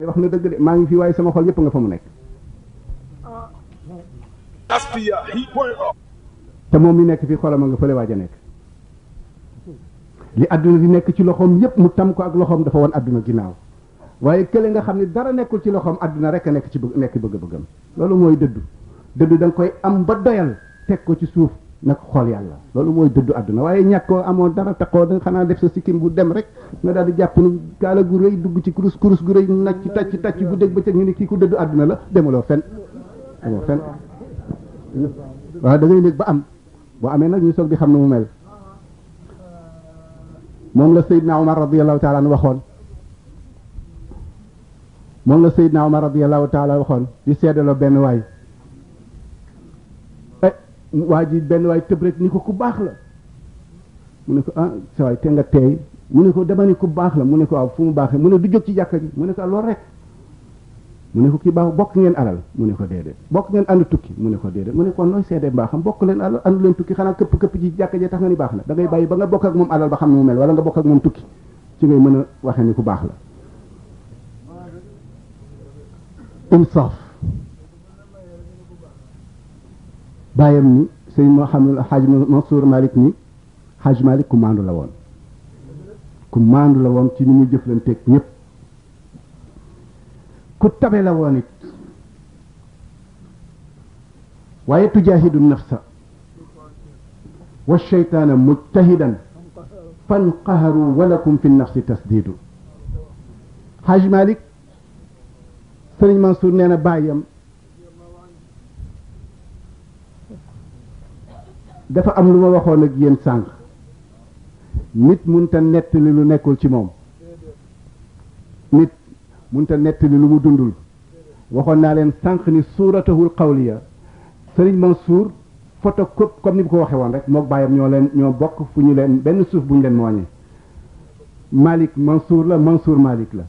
wax na dëgg de maa ngi fi waaye sama xol yëpp nga fa mu nekk te moom mi nekk fi xolam a nga fële waaj a nekk li àdduna di nekk ci loxoom yëpp mu tam ko ak loxoom dafa wan àdduna ginnaaw waaye kële nga xam ne dara nekkul ci loxoom àdduna rek a nekk ci bëgg nekk bëgg-bëggam loolu mooy dëddu dëddu da koy am ba doyal teg ko ci suuf nag xool yàlla loolu mooy dëddu àdduna waaye ñàkkoo amoon dara taxoo da xanaa def sa sikkim bu dem rek nga daal di jàpp ni kaala gu rëy dugg ci kurus kurus gu rëy nag ci tàcc tàcc bu dégg bëccëg ñu ne kii ku dëddu àdduna la demaloo fen waaw da ngay ba am boo amee nag ñu soog di xam ne mu mel moom la Seydina Omar radiyallahu taala an waxoon moom la Seydina Omar radiyallahu taala waxoon di seedaloo benn waay waa ji benn waay tëb rek ni ko ku baax la mu ne ko ah sa waay te nga teey mu ne ko dama ni ku baax la mu ne ko waaw fu mu baax mu ne du jóg ci jàkka ji mu ne ko ah, loolu rek mu ne ko kii baax bokk ngeen alal mu ne ko déedéet bokk ngeen ànd tukki mu ne ko déedéet mu ne kon nooy seede mbaaxam bokk leen alal àndu leen tukki xanaa këpp këpp ji jàkka ji tax nga ni baax la da ngay bàyyi ba nga bokk ak moom alal ba xam ne mu mel wala nga bokk ak moom tukki ci ngay mën a waxee ku baax la insaaf bàyyam ni sëñ moo xam ne xaaj Mansour Malick ni xaaj Malick ku maandu la woon ku maandu la woon ci ni muy jëflanteeg ñëpp ku tabe la woon it waaye tujaahidu nafsa wa sheytaana mujtahidan fanqaharu walakum fi nafsi tasdiidu xaaj Malick sëriñ Mansour nee na bàyyam dafa am lu ma waxoon ak yéen sànq nit munta nettali lu nekkul ci moom nit munta nettali lu mu dundul waxoon naa leen sànq ni suuratahul xawliya sëriñ Mansour photo cop ko ni bu ko waxee woon rek mook bàyyam ñoo leen ñoo bokk fu ñu leen benn suuf bu ñu leen mooñee Malick Mansour la Mansour malik la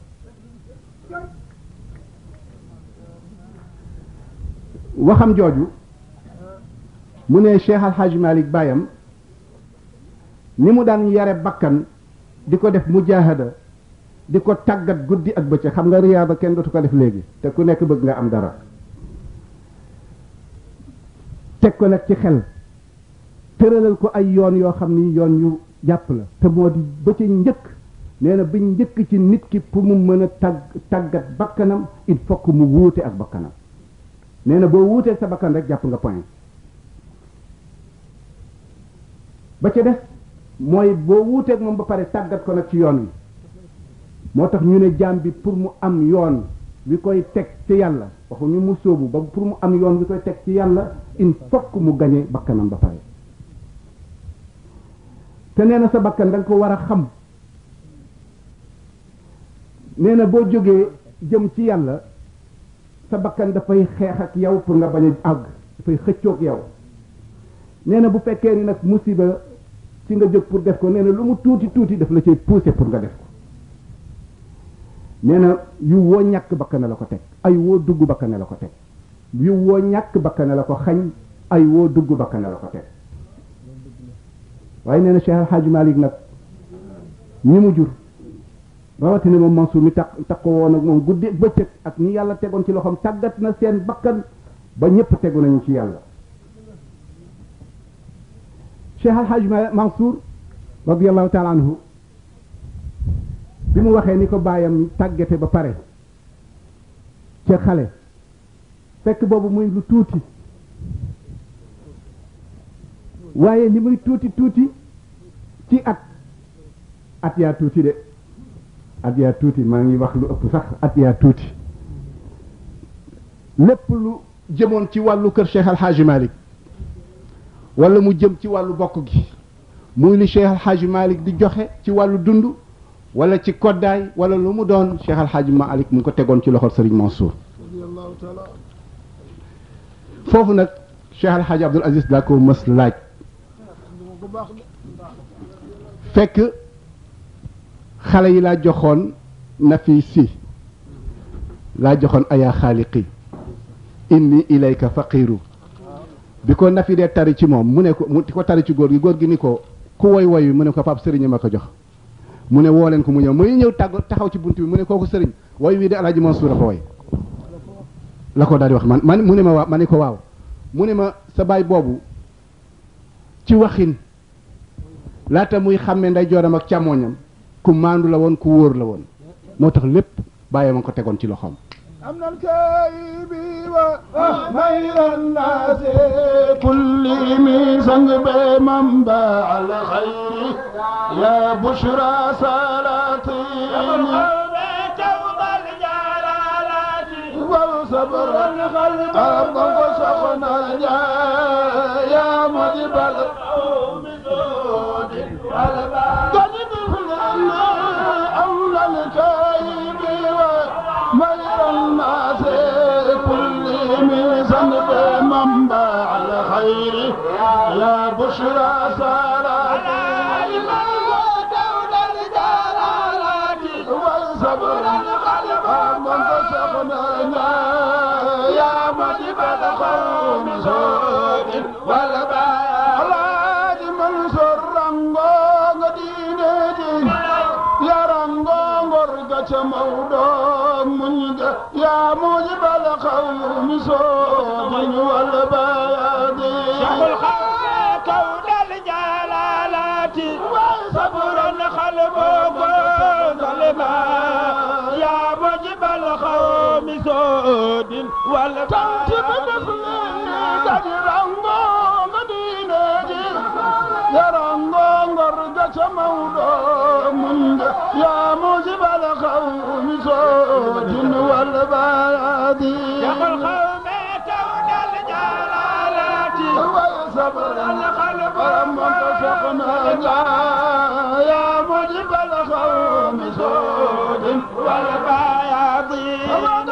waxam jooju mu ne Cheikh Al Hadj Malick baayam ni mu daan yare bakkan di ko def mujaahada di ko tàggat guddi ak bëccëg xam nga riyaada kenn dootu ko def léegi te ku nekk bëgg nga am dara teg ko nag ci xel tëralal ko ay yoon yoo xam ni yoon yu jàpp la te moo di njëkk nee na bi njëkk ci nit ki pour mu mën a tàgg tàggat bakkanam il faut que mu wuute ak bakkanam nee na boo wuutee sa bakkan rek jàpp nga point ba ca def mooy boo wuuteeg moom ba pare tàggat ko nag ci yoon wi moo tax ñu ne jaam bi pour mu am yoon wi koy teg ci yàlla waxuñu mu sóobu ba pour mu am yoon wi koy teg ci yàlla il faut mu gañe bakkanam ba pare te nee na sa bakkan da nga ko war a xam nee na boo jógee jëm ci yàlla sa bakkan dafay xeex ak yow pour nga bañ a àgg dafay xëccoog yow nee bu fekkee ni nag musiba ci nga jóg pour def ko nee na lu mu tuuti tuuti daf la cay poussé pour nga def ko nee na woo ñàkk bakkane la ko teg ay woo dugg bakkane la ko teg yu woo ñàkk bakkane la ko xañ ay woo dugg bakkane la ko teg waaye nee na Cheikh El Hadj Malick nag ñi mu jur rawatina moom Mansour mi tax tax ko woon ak moom guddee bëccëg ak ñi yàlla tegoon ci loxoom tàggat na seen bakkan ba ñëpp tegu nañu ci yàlla Cheikh Al Hadj Mansour radiyallahu taala anhu bi mu waxee ni ko baayam tàggate ba pare ca xale fekk boobu muy lu tuuti waaye li muy tuuti tuuti ci at at yaa tuuti de at yaa tuuti maa ngi wax lu ëpp sax at yaa tuuti lépp lu jëmoon ci wàllu kër Cheikh Al Hadj Malick wala mu jëm ci wàllu bokk gi muy li Cheikh Alxaaji Malik di joxe ci wàllu dund wala ci koddaay wala lu mu doon Cheikh Alxaaji Malik mu ngi ko tegoon ci loxol Serigne Mansour foofu nag Cheikh Alxaaji Abdul Aziz daa ko mës laaj fekk xale yi laa joxoon nafi si laa joxoon ayaa xaaliqi inni ilayka faqiru bi ko Nafi dee tari ci moom mu ne ko mu ko tari ci góor gi góor gi ni ko ku woy woy wi mu ne ko pap sëriñ ma jox mu ne woo leen ko mu ñëw ñëw tàgg taxaw ci bunt bi mu ne kooku sëriñ woy wii de Alaaji Mansuur a ko woy la ko daal wax man man mu ne ma waaw ma ko waaw mu ne ma sa baay boobu ci waxin laata muy xàmme nday jooram ak càmmooñam ku maandu la woon ku wóor la woon moo tax lépp bàyyi ma ko tegoon ci loxoom خير الناس كل ميزان بمنبع الخير يا بشرى سلاطين صبر القلب أرض سخنا يا مجيب القوم زود تجد الفلان أولى الكيب ومير الناس ميزا بمنبع الخير يا بشرى سارات دولة الجلالات والصبر القلب منتصفنا يا مجد القوم زود والبلد يا موجب القوم صوت والبياد شق الخوف كون الجلالات وصبر خلف ظلما يا موجب القوم صوت والبياد تنتبه بفلين تجرى مدينة يرى فرجة مولى منك يا موجب القوم صوت والبلد يقول قوم تون الجلالات ويصبر القلب لما انتصقنا يا موجب القوم صوت والبلد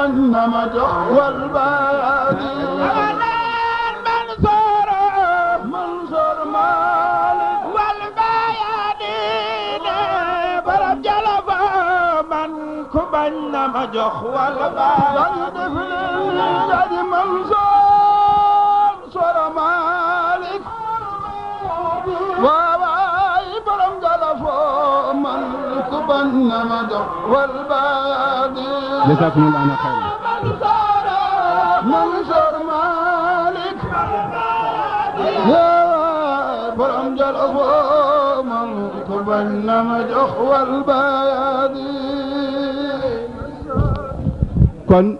جهنم والبادي منصور منصور مالك والبادي برب جلفا من كبن مجخ والبادي منصور منصور مالك kon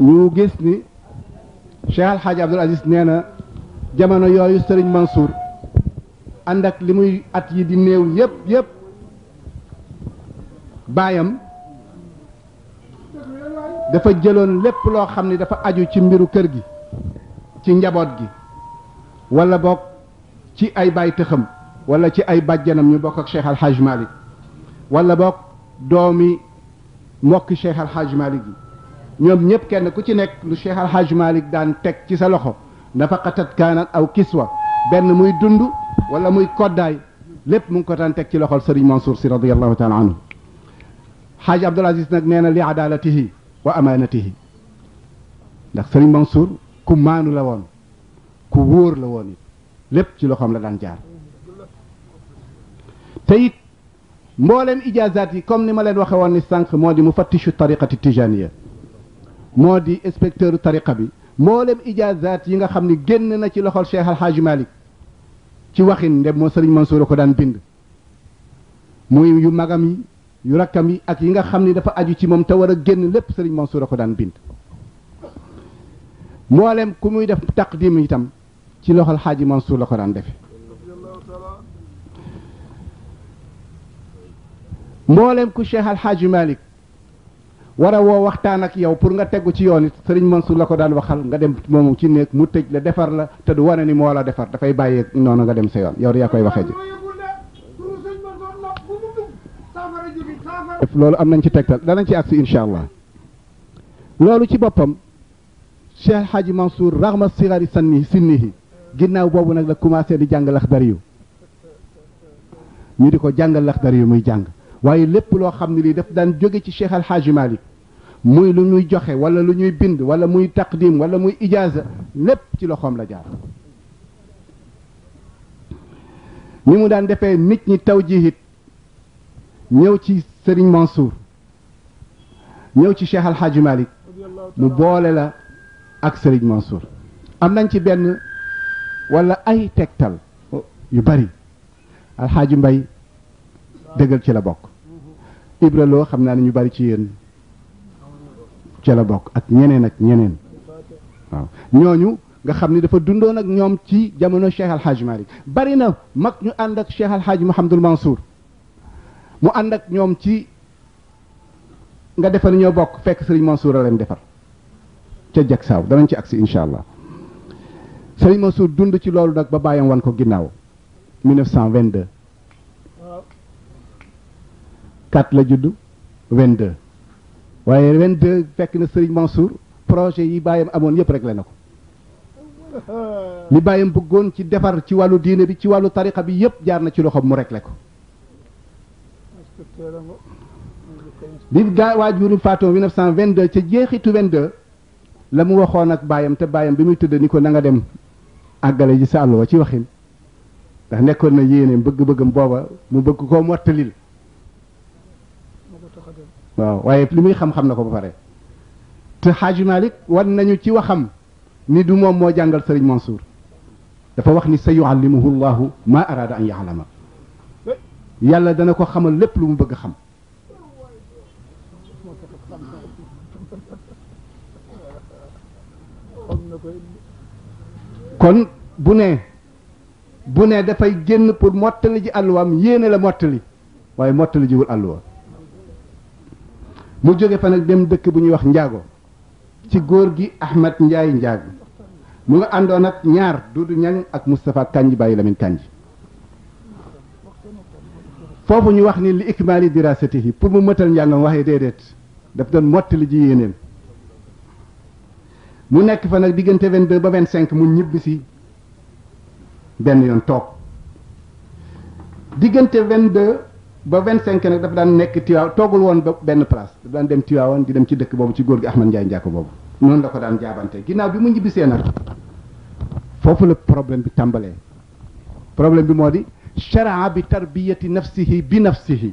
ñu gis ni Cheikh El Hadj Aziz nee na jamono yooyu Serigne Mansour ànd ak li muy at yi di néew yëpp yëpp baayam dafa jëloon lépp loo xam ni dafa aju ci mbiru kër gi ci njaboot gi wala bokk ci ay baay tëxam wala ci ay bàjjanam ñu bokk ak Cheikh Al Hadj Malick wala bokk doomi mbokki Cheikh Al Hadj Malick yi ñoom ñëpp kenn ku ci nekk lu Cheikh Al Hadj daan teg ci sa loxo nafaqatat kaanaan aw kiswa benn muy dund wala muy koddaay lépp mu ngi ko daan teg ci loxol Serigne Mansour si radiyallahu taala anhu xaaj Abdul Aziz nag nee na li adaalatihi wa amaanatihi ndax sëriñ Mansour ku maanu la woon ku wóor la woon it lépp ci loxoom la daan jaar te it mbooleem ijaazaat yi comme ni ma leen waxe woon ni sànq moo di mufattishu ti tijaniya moo di inspecteur tariqa bi mbooleem ijaazaat yi nga xam ni génn na ci loxol Cheikh Al Hadj ci waxin ndem moo sëriñ Mansour a ko daan bind muy yu magam yi yu rakkam yi ak yi nga xam ni dafa aju ci moom te war a génn lépp sëriñ Mansour a ko daan bind mboolem ku muy def taqdim tam ci loxol xaaji Mansour la ko daan defe mboolem ku Cheikh Al Hadj a woo waxtaan ak yow pour nga tegu ci yoon it sëriñ Mansour la ko daan waxal nga dem moom ci néeg mu tëj la defar la te du wane ni moo la defar dafay bàyyee noonu nga dem sa yoon yow yaa koy waxee ji loolu am nañ ci tegtal danañ ci agsi loolu ci boppam Cheikh Hadji Mansour raxma sigari sanni sinnihi ginnaaw boobu nag la commencé di jàng laxdari yu ñu di ko jàngal laxdari yu muy jàng waaye lépp loo xam ne lii daf daan jóge ci Cheikh Al Hadji Malick muy lu ñuy joxe wala lu ñuy bind wala muy taqdim wala muy ijaaza lépp ci loxoom la jaar ni mu ñi tawjihit ñëw Serigne Mansour ñëw ci Cheikh Al Hadj mu boole la ak Serigne Mansour am nañ ci benn wala ay tegtal yu bari Al Mbay dëggal ci la bokk Ibra Lo xam naa ne ñu bari ci yéen ci la bokk ak ñeneen ak ñeneen waaw ñooñu nga xam ni dafa dundoon ak ñoom ci jamono Cheikh Al Hadj bari na mag ñu ànd ak Cheikh Al Hadj Mouhamadul Mansour. mu ànd ak ñoom ci nga defar ñoo bokk fekk sëriñ Mansour a leen defar ca jag saaw danañ ci agsi incha allah sëriñ Mansour dund ci loolu nag ba bàyyam wan ko ginnaaw 1922 4 la judd 22 waaye de fekk na sëriñ Mansour projet yi bàyyam amoon yëpp la na ko li bàyyam bëggoon ci defar ci wàllu diine bi ci wàllu tariqa bi yëpp jaar na ci loxoom mu réglé ko bi gaa waajuri faatoo 1922 ca jeexitu 22 la mu waxoon ak baayam te baayam bi muy tëdd ni ko nanga dem àggale ji sa àlluwa ci waxin ndax nekkoon na yéeneem bëgg-bëggam booba mu bëgg koo mottalil waaw waaye li muy xam-xam na ko ba pare te Xaaji Malik wan nañu ci waxam ni du moom moo jàngal Sëriñ Mansour dafa wax ni sa yuallimuhu llahu ma arada an yaalama yàlla dana ko xamal lépp lu mu bëgg xam kon bu ne bu ne dafay génn pour mottali ji àlluwaam yéene la mottali waaye mottali jiwul àlluwa mu jóge fan nag dem dëkk bu ñuy wax njaago ci góor gi Ahmed Njaay Njaag mu nga àndoon ak ñaar Dudu Ñang ak Moustapha Kanji bàyyi Lamin Kanji foofu ñu wax ni li yi ikmaali dirasatihi pour mu mëtal njàngam waxee déedéet daf doon mottali ji yéenéem mu nekk fa nag diggante 22 ba 25 mu ñibbi si benn yoon toog diggante 22 ba 25 nag daf daan nekk Tiwaawan toogul woon ba benn place dafa daan dem Tiwaawan di dem ci dëkk boobu ci góor gi Axmed Njaay njàkko boobu noonu la ko daan jaabante ginnaaw bi mu ñibbisee nag foofu la problème bi tàmbalee problème bi moo di sharaa bi tarbiyati nafsihi bi nafsihi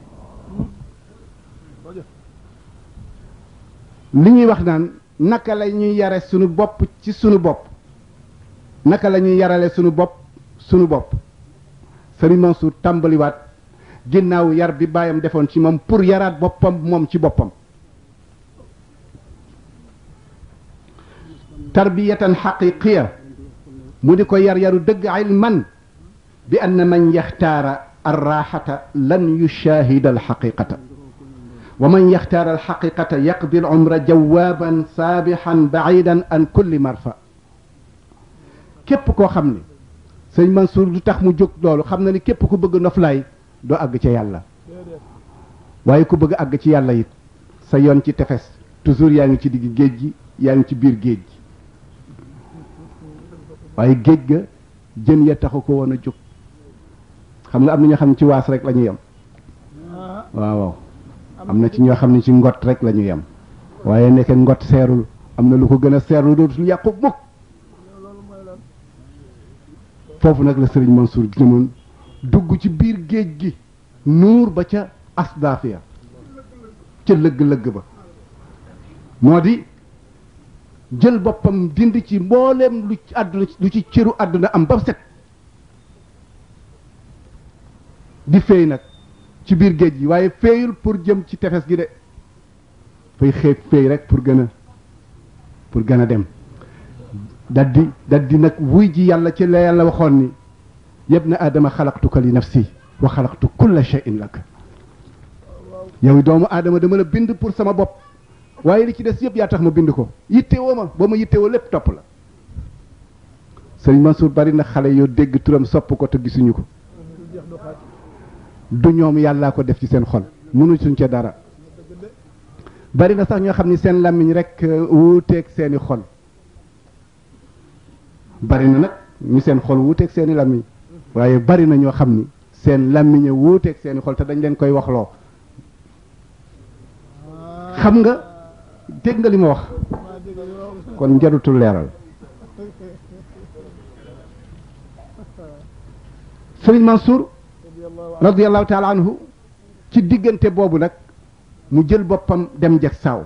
li ñuy wax naan naka la ñuy yare sunu bopp ci sunu bopp naka la ñuy yarale sunu bopp sunu bopp Sëriñ Mansour tàmbaliwaat ginnaaw yar bi baayam defoon ci moom pour yaraat boppam moom ci boppam tarbiyatan xaqiqiya mu di ko yar yaru dëgg man bi ann man yaxtaara alraxata lan yushaahida alxaqiqata wa man yaxtaara alxaqiqata yaqdi alumra jawaaban saabixan baidan an kulli marfa képp koo xam ne sëñ suur du tax mu jóg loolu xam na ni képp ku bëgg noflaay doo àgg ca yàlla waaye ku bëgg àgg ci yàlla it sa yoon ci tefes toujours yaa ngi ci digg géej gi yaa ngi ci biir géej gi waaye géej ga jën ya taxu ko woon a jóg xam na am na ñoo xam ne ci waas rek la ñu yem am na ci ñoo xam ne ci ngot rek la ñu yem waaye nekk ngot seerul am na lu ko gën a seerlu dootul yàqu mukk foofu nag la sëriñ Mansour gi moon dugg ci biir géej gi nuur ba ca asdaafiya ca lëg lëgg ba moo di jël boppam dindi ci mbooleem lu ci àdduna lu ci cëru àdduna am ba set di féey nag ci biir géej gi waaye féeyul pour jëm ci tefes gi de fay xeeb féey rek pour gën a pour gën a dem daddi daddi nag wuy ji yàlla ci la yàlla waxoon ni yëpp na aadama xalaqtuka li nafsi wa xalaqtu kulla shay'in lak yow doomu aadama dama la bind pour sama bopp waaye li ci des yëpp yaa tax ma bind ko yittewoo ma ba ma yittewoo lépp topp la sëriñ Mansour bari na xale yoo dégg turam sopp ko te gisuñu ko du ñoom yàllaa ko def ci seen xol mënu suñ ca dara bari na sax ñoo xam ni seen làmmiñ rek euh, wuuteeg seeni xol bari na nag ñu seen xol wuuteeg seeni làmmiñ waaye bari na ñoo xam ni seen làmmiñ wuuteeg seeni xol te dañ leen koy wax loo xam nga dégg nga li ma wax kon njarutul leeral Serigne Mansour radiallahu taala anhu ci diggante boobu nag mu jël boppam dem jag saaw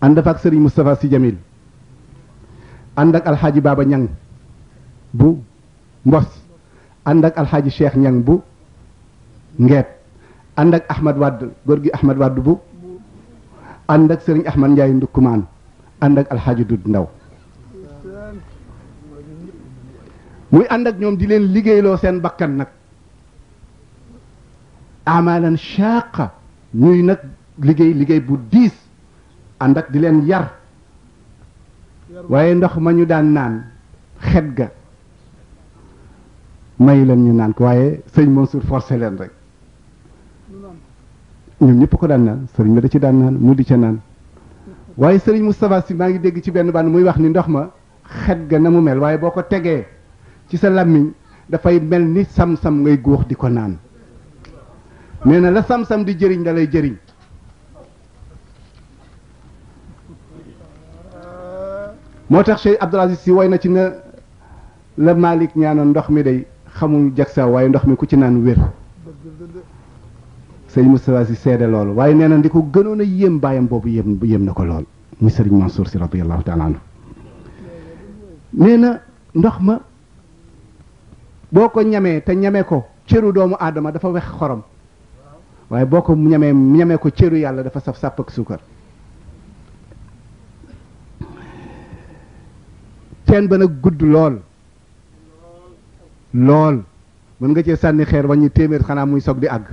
ànd sëriñ Moustapha Sy Jamil ànd alxaaji Baba Ñang bu Mbos ànd ak alxaaji Cheikh Ñang bu Ngeet ànd ak Ahmad Wadd góor gi Ahmad Wadd bu ànd ak sëriñ Ahmad Ndiaye Ndukkumaan ànd ak alxaaji Dud Ndaw muy ànd ñoom di leen liggéeyloo seen bakkan nag amalan shaqa ñuy nag liggéey liggéey bu diis ànd ak di leen yar waaye ndox ma ñu daan naan xet ga may leen ñu naan ko waaye sëñ Mansour forcé leen rek ñoom ñëpp ko daan naan sëriñ ma da ci daan naan mu di ca naan waaye sëriñ Moustapha si maa ngi dégg ci benn bànn muy wax ni ndox ma xet ga na mu mel waaye boo ko tegee ci sa làmmiñ dafay mel ni samsam ngay góox di ko naan nee na la sam-sam di jëriñ da lay jëriñ moo tax Cheikh Abdoul Aziz Sy way na ci ne la Malick ñaanoon ndox mi day xamul jagsa waaye ndox mi ku ci naan wér sëñ Moustapha Sy seede loolu waaye nee na di ko gënoon a yéem bàyyam boobu yéem yéem na ko lool muy sëriñ Mansour Sy radiyallahu taala anhu nee na ndox ma boo ko ñamee te ñame ko cëru doomu aadama dafa wex xorom waaye boo ko ñamee ñamee ko cëru yàlla dafa saf sàpp ak suukar teen ba nag gudd lool lool mën nga cee sànni xeer wàññi téeméer xanaa muy soog di àgg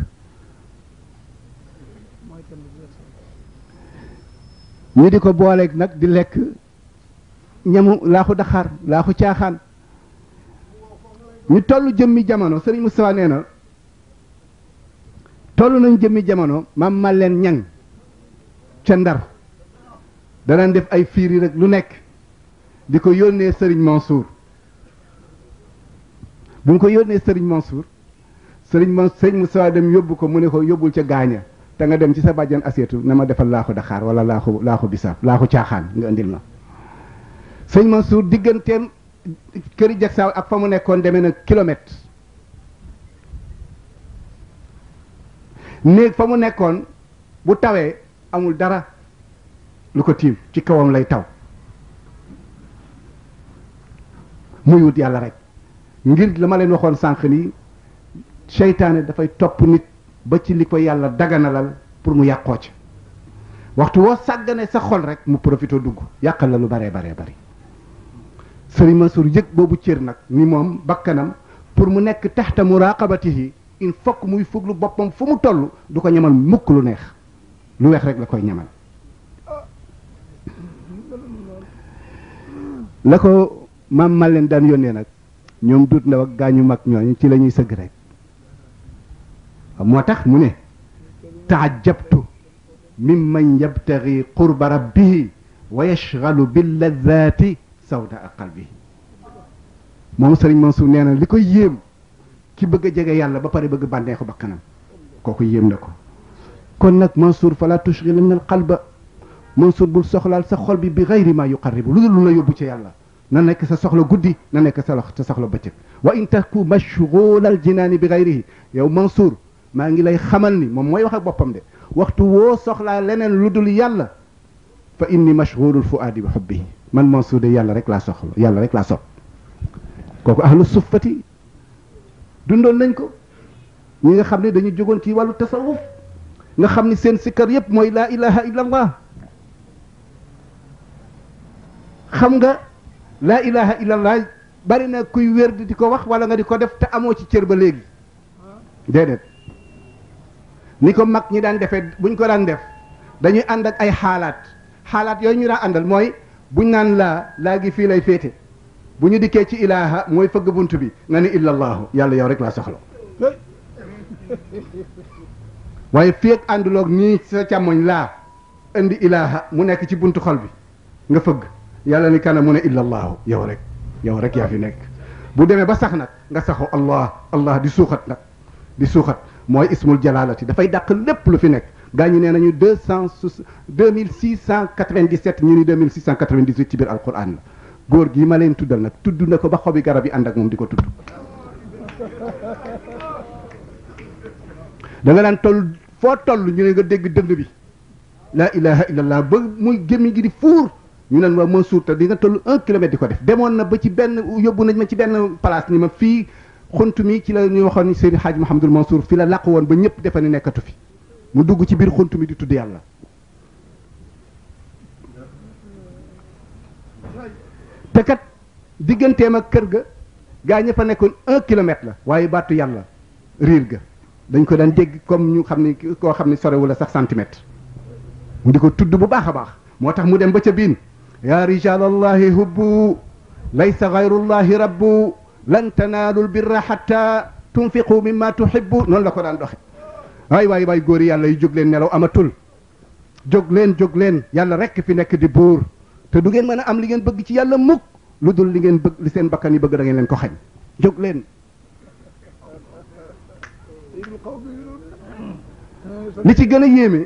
ñu di ko booleeg nag di lekk ñamu laaxu daxaar laaxu caaxaan ñu toll jëmmi jamono sëriñ Moustapha nee na toll nañ jëmmi jamono man mal leen ñang ca ndar danaan def ay fiiri rek lu nekk di ko yónnee Serigne Mansour bu mu ko yónnee Serigne Mansour Serigne Mansour Serigne Moussa dem yóbbu ko mu ne ko yóbbul ca gaaña te nga dem ci sa bàjjan aseetu na ma defal laaxu daxaar wala laaxu laaxu bisaab laaxu caaxaan nga indil ma Serigne Mansour digganteem këri jagsaaw ak fa mu nekkoon demee na kilomètre néeg fa mu nekkoon bu tawee amul dara lu ko tiim ci kawam lay taw muy wut yàlla rek ngir la leen waxoon sànq nii seytaane dafay topp nit ba ci li ko yàlla daganalal pour mu yàqoo ci waxtu woo sàggane sa xol rek mu profité dugg yàqal la lu baree baree bari sëriñ Mansour yëg boobu cër nag ni moom bakkanam pour mu nekk taxta muraqabatihi il faut que muy fuglu boppam fu mu toll du ko ñamal mukk lu neex lu weex rek la koy ñamal la ko maam ma leen daan yónnee nag ñoom duut ndaw ak gaañu mag ñooñu ci lañuy ñuy sëgg rek moo tax mu ne taajabtu mimman yabtagi qurba rabbihi wa yashgalu bi ladati sawda qalbihi moom sëriñ Mansour nee na li koy yéem ki bëgg a jege yàlla ba pare bëgg bànneexu bakkanam kooku yéem na ko kon nag Mansour fala tushghilanna al-qalba Mansour bul soxlaal sa xol bi bi ghayri ma yuqarribu lu dul lu la yóbbu ci yàlla na nekk sa soxla guddi na nekk sa sa soxla bëccëg wa in taku mashghula al-jinaani bi ghayrihi yow Mansour maa ngi lay xamal ni moom mooy wax ak boppam de waxtu woo soxlaa leneen lu dul yàlla fa inni mashghulul fuaadi bi hubbihi man Mansour de yàlla rek laa soxla yàlla rek laa sopp dundoon nañ ko ñi nga xam ne dañu jógoon ci wàllu tasawuf nga xam ni seen sikkar yépp mooy laa ilaha illa allah xam nga laa ilaha illa allah bari na kuy wér di ko wax wala nga di ko def te amoo ci cër ba léegi déedéet ni ko mag ñi daan defee buñ ko daan def dañuy ànd ak ay xaalaat xaalaat yooyu ñu daan àndal mooy buñ naan laa laa gi fii lay féete bu ñu dikkee ci ilaaha mooy fëgg bunt bi nga ni illallahu yàlla yow rek laa soxla waaye fii ak ànduloog nii sa càmmoñ laa indi ilaaha mu nekk ci buntu xol bi nga fëgg yàlla ni kana mu ne illallahu yow rek yow rek yaa fi nekk bu demee ba sax nag nga saxo allah allah di suuxat nag di suuxat mooy ismul jalaalati dafay dàq lépp lu fi nekk gaa ñi nee nañu deux cent deux mille six cent quatre vingt dix ñu ni deux mille six cent quatre vingt dix ci biir alquran góor gii ma leen tuddal nag tudd na ko ba xobi garab yi ànd ak moom di ko tudd da nga daan toll foo toll ñu ne nga dégg dëgg bi laa ilaha illallah ba muy gémmi gi di fuur ñu naan waa Mansour te di nga toll un kilomètre di ko def demoon na ba ci benn yóbbu nañ ma ci benn place ni ma fii xunt mi ci la ñuy waxoon Seydi Hadj Mouhamadul Mansour fi la làqu woon ba ñëpp defa ne nekkatu fi mu dugg ci biir xunt mi di tudd yàlla te kat digganteem ak kër ga gaa ña fa nekkoon un la waaye baatu yàlla riir ga dañ ko daan dégg comme ñu xam ni koo xam ni sorewul la sax centimètre mu di ko tudd bu baax a baax moo tax mu dem ba ca biin yaa rijalallahi hubbu laysa gayrullahi rabbu lan tanaalul birra xatta tunfiqu mimma tuhibbu noonu la ko daan doxe waay waaye waay góor yàlla yu jóg leen nelaw amatul jóg leen jóg leen yàlla rekk fi nekk di buur te du ngeen mën a am li ngeen bëgg ci yàlla mukk lu dul li ngeen bëgg li seen bakkan yi bëgg da leen ko xañ jóg leen li ci gën a yéeme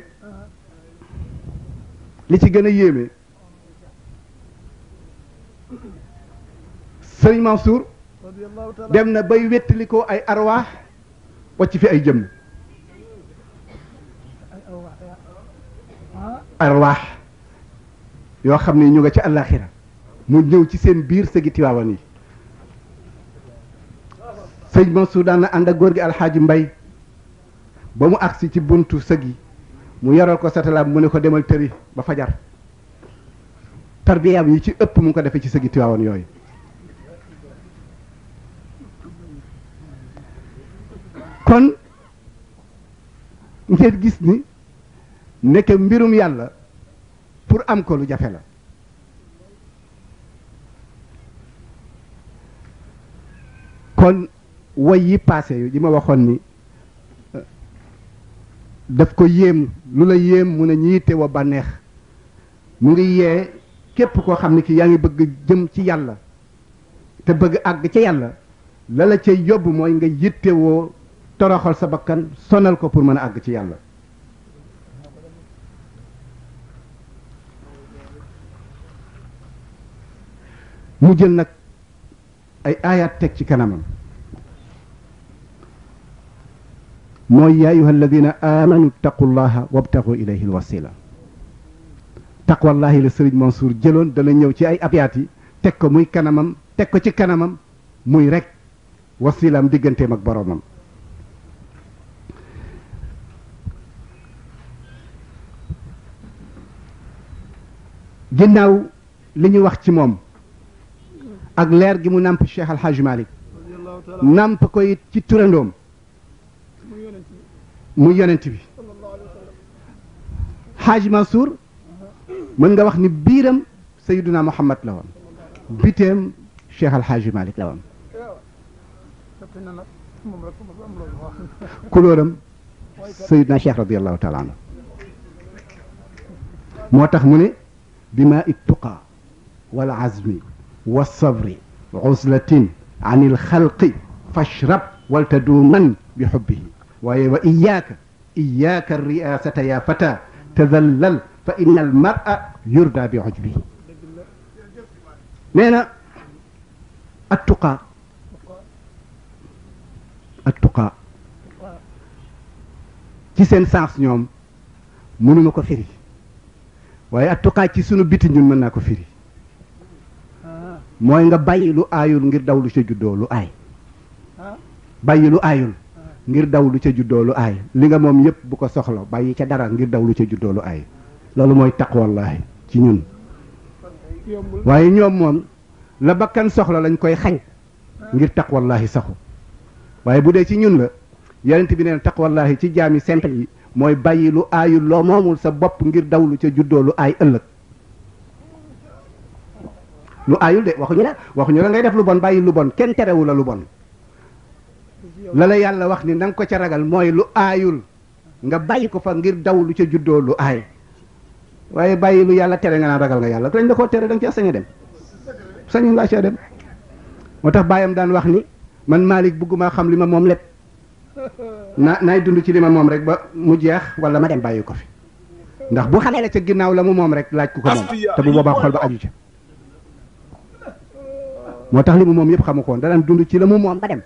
li ci gën a yéeme sëriñ Mansour dem na bay wettali ko ay arwaax wàcc fi ay jëmm arwaax yoo xam ne ñu nga ci àllaaxira mu ñëw ci seen biir sëgi Tiwaawan yi sëñ Mansour daan na ànd ak góor gi alxaaji mbay ba mu agsi ci buntu sëg yi mu yoral ko satalaam mu ne ko demal tëri ba fajar tarbiyaam yi ci ëpp mu ngi ko defee ci sëgi Tiwaawan yooyu kon ngeen gis ni nekk mbirum yàlla pour am ko lu jafe la kon woy yi paase yu di ma waxoon ni euh, daf ko yéem lu la yéem mu ne ñii te wa bànneex mu ngi yee képp koo xam ne ki yaa ngi bëgg jëm ci yàlla te bëgg àgg ci yàlla la la cay yóbbu mooy nga yittewoo toroxal sa bakkan sonal ko pour mën a àgg ci yàlla mu jël nag ay aayaat teg ci kanamam mooy yaa ayuha alladina amanu taqullaha wabtagu ilayhi alwasila taqwallahi la sëriñ Mansour jëloon dana ñëw ci ay abyaat yi teg ko muy kanamam teg ko ci kanamam muy rekk wasilaam digganteem ak boroomam ginnaaw li ñu wax ci moom ak leer gi mu namp Cheikh Al Hadj Malick namp ko it ci turandoom muy yonent bi Hadj Mansour mën nga wax ni biiram Sayyiduna Muhammad la woon biteem Cheikh Al Hadj Malick la woon kulóoram Sayyiduna Cheikh radiyallahu taala moo tax mu ne bi ma ittuqa wal azmi wa sabri uslatin an ilxalqi fashrab waltaduuman bi xubbihi waaye wa iyaaka iyaaka riyaasata ya fata tazallal fa inna al mar'a yurda bi ujbihi nee na attuqaa attuqaa ci seen sens ñoom mënuma ko firi waaye attuqaa ci sunu biti ñun mën naa ko firi mooy nga bàyyi lu aayul ngir daw lu ca juddoo lu aay bàyyi lu aayul ngir daw lu ca juddoo lu aay li nga moom yëpp bu ko soxla bàyyi ca dara ngir daw lu ca juddoo lu aay loolu mooy taqwallaahi ci ñun waaye ñoom moom la bakkan soxla lañ koy xañ ngir taqwallaahi saxu waaye bu dee ci ñun la yonent bi neen taqwallaahi ci jaami simple yi mooy bàyyi lu aayul loo moomul sa bopp ngir daw lu ca juddoo lu aay ëllëg lu aayul de waxuñu la waxuñu la ngay def lu bon bàyyi lu bon kenn terewu la lu bon la la yàlla wax ni nanga ko ca ragal mooy lu aayul nga bàyyi ko fa ngir daw lu ca juddoo lu aay waaye bàyyi lu yàlla tere nga naan ragal nga yàlla dañ la koo tere danga nga cee dem sañu laa cee dem moo tax baayam daan wax ni man Malick bëgguma xam li ma moom lépp naa naay dund ci li ma moom rek ba mu jeex wala ma dem bàyyi ko fi ndax bu xamee la ca ginnaaw la mu moom rek laaj ko moom te bu boobaa xol moo tax li mu moom yëpp xamu ko woon da daan dund ci la mu moom ba dem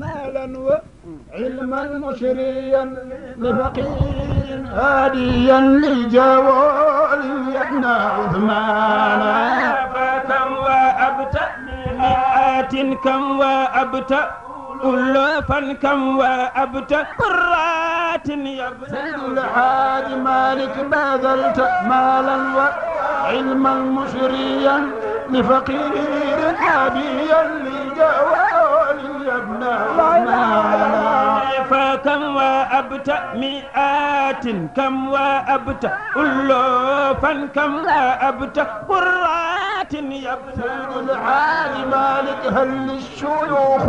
مالا وعلما مشريا لفقير هاديا لجوال يبنى عثمان فكم وابتا مئات كم وابتا ألوفا كم وأبت قرات يبت سيد الحاج مالك باذلت مالا وعلما مشريا لفقير حبيا لجوال يبنى فكم وأبت مئات كم وأبت ألوفا كم وأبت قرات يبت سيد الحاج مالك هل للشيوخ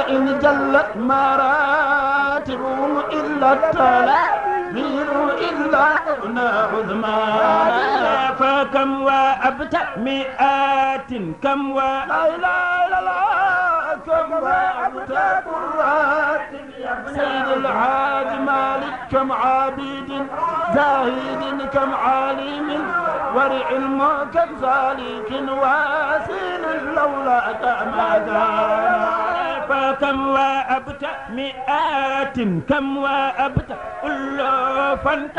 الكائن جلت مراتبهم إلا التلاء منه إلا هنا عثمان فكم وأبت مئات كم و لا إله إلا الله كم وأبت برات سيد العاد مالك كم عبيد زاهد كم عالم ورع كذلك واسين لولا ما فكم وأبت مئات كم وأبت الله fan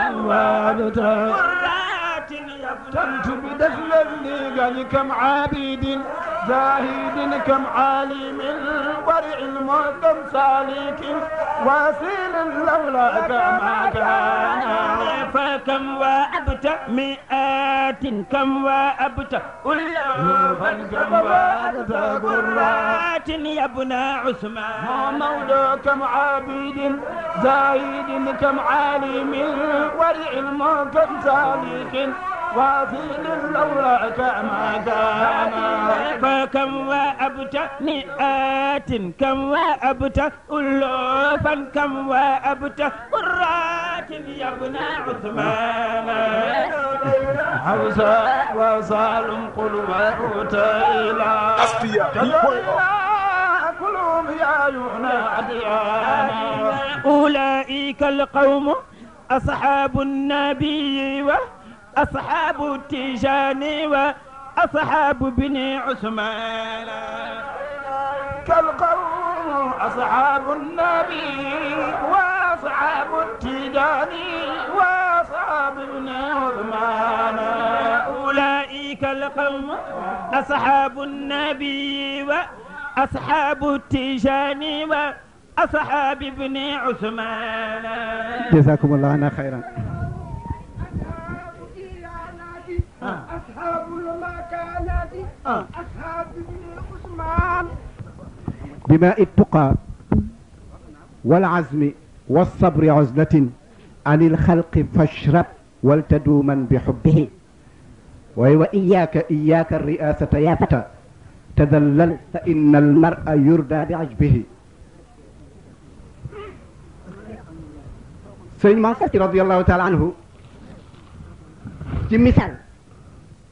تلت بدفلني قال كم عابد زاهد كم عالم ورع المهتم سالك واصيل لولاك ما كان فكم وابت مئات كم وابت ألوفا كم وابت قرات يا ابن عثمان مولى كم عابد زاهد كم عالم ورع المهتم سالك وافي للأولى كما كان فكم وأبت مئات كم وأبت ألوفا كم وأبت قرات يا ابن عثمان حوسى وصالم قلوب وتيلا أصفياء أولئك القوم أصحاب النبي وأولئك أصحاب التجان وأصحاب بني عثمان كالقوم أصحاب النبي وأصحاب التجان وأصحاب بني عثمان أولئك القوم أصحاب النبي وأصحاب التجان وأصحاب بني عثمان جزاكم الله خيرا أصحاب المكانات أصحاب ابن عثمان بماء التقى والعزم والصبر عزلة عن الخلق فاشرب ولتدوما بحبه وإياك إياك الرئاسة يا فتى تذلل فإن المرء يردى بعجبه سيد مالك رضي الله تعالى عنه ci misaal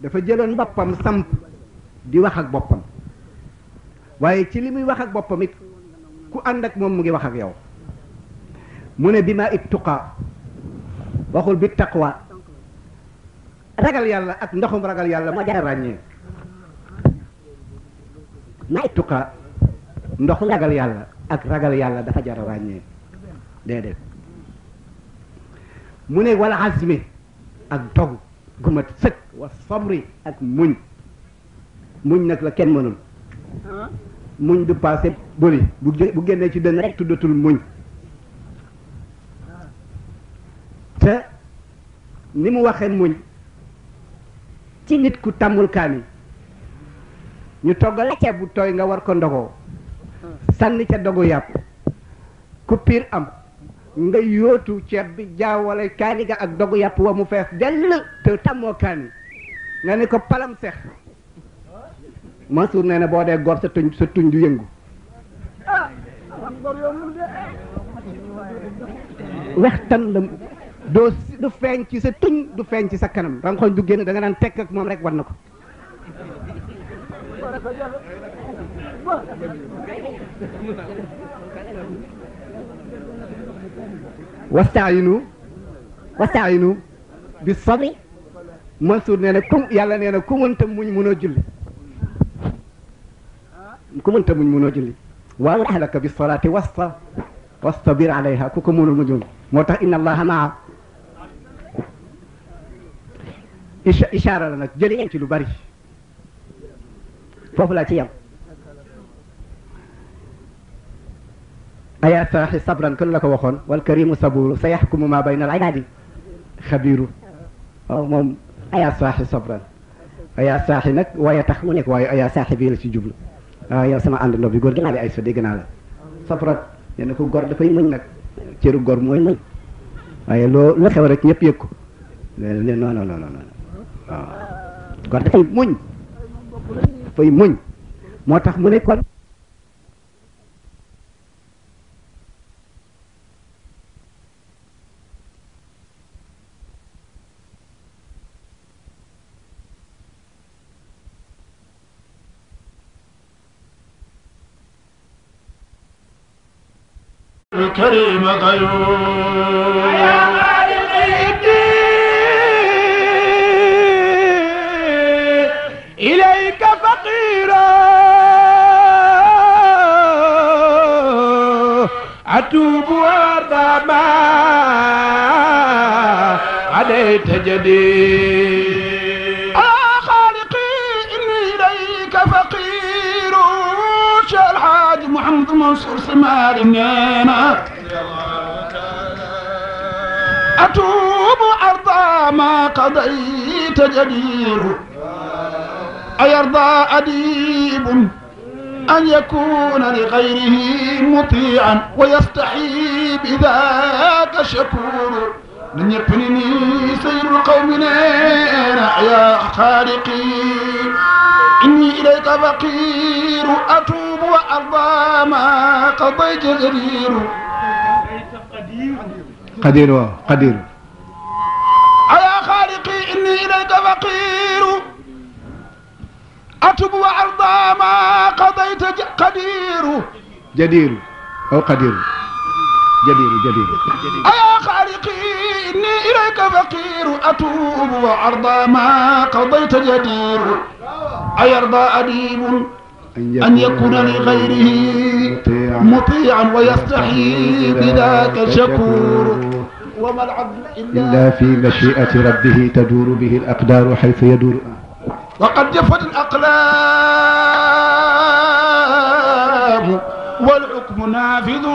dafa jëloon boppam samp di wax ak boppam waaye ci li muy wax ak boppam it ku ànd ak moom mu ngi wax ak yow mu ne bi ma it tuqaa waxul bi taqwa ragal yàlla ak ndoxum ragal yàlla moo jara ràññee ma it tuqaa ndoxu ragal yàlla ak ragal yàlla dafa jara ràññee déedéet mu ne walla azmi ak dog gumat sëkk wa sabri ak muñ muñ nag la kenn mënul ah. muñ du passé bëri bu bu génnee ci dënn rek tuddatul muñ ah. te ni mu waxee muñ ci nit ku tàmmul kaani ñu toggal ceeb bu tooy nga war ko ndogoo ah. sànni ca dogu yàpp ku piir am nga yóotu ceeb bi jaawale kaani ga ak dogu yàpp wa mu fees dell te tàmmoo kaani nga ne ko palam sex Mansour boo dee gor sa tuñ sa tuñ du yëngu wextan la doo du feeñ ci sa tuñ du feeñ ci sa kanam rankoñ du génn danga daan tekk ak moom rek war na ko wastaayinu wastaayinu bi sabri Mansour nee na comme yàlla nee na ku mënta muñ mënoo julli ku mënta muñ mënoo julli waaw ahlaka bi salaati wasta wastabir ku mu julli moo tax inna allaha maa ishaara la nag jëlee ci lu bari foofu laa ci yam ayaa saaxi sabran kon la ko waxoon wal saburu sa yaxkumu ma bayna al ibaadi xabiru waaw oh, moom ayaa saaxi sabran ayaa saaxi nag waaye tax mu nekk waaye ayaa saaxi bii la ci jublu waaw yow sama àndandoo bi góor gi naa la ay sa dégg naa la sabran nee na ko góor dafay muñ nag cëru góor mooy muñ waaye loo la xew rek ñëpp yëg ko nee non non non non waaw góor dafay muñ dafay muñ moo tax mu ne kon الكريم غيور يا مالك الدين إليك فقيرا أتوب وارضى ما عليت جديد Mouhamadou Mansour Simaari nee na atuubu arda ma qadayta jadiiru ayarda adibun an yakuna li gayrihi mutian wa yastaxi bidaaka shakuru na ñëpp ni nii sayyidul qawmi nee na yaa xaaliqi inni ilayka faqiiru atuubu wa ardaa maa qadayta qadiiru qadiiru waaw qadiiru yaa xaaliqi inni ilayka faqiiru atuubu wa ardaa maa qadayta qadiiru jadiiru aw qadiiru جدير جدير يا خالقي إني إليك فقير أتوب وأرضى ما قضيت جدير أيرضى أديب أن يكون لغيره مطيعا ويستحي بذاك شكور وما العبد إلا, إلا في مشيئة ربه تدور به الأقدار حيث يدور وقد جفت الأقلام والحكم نافذ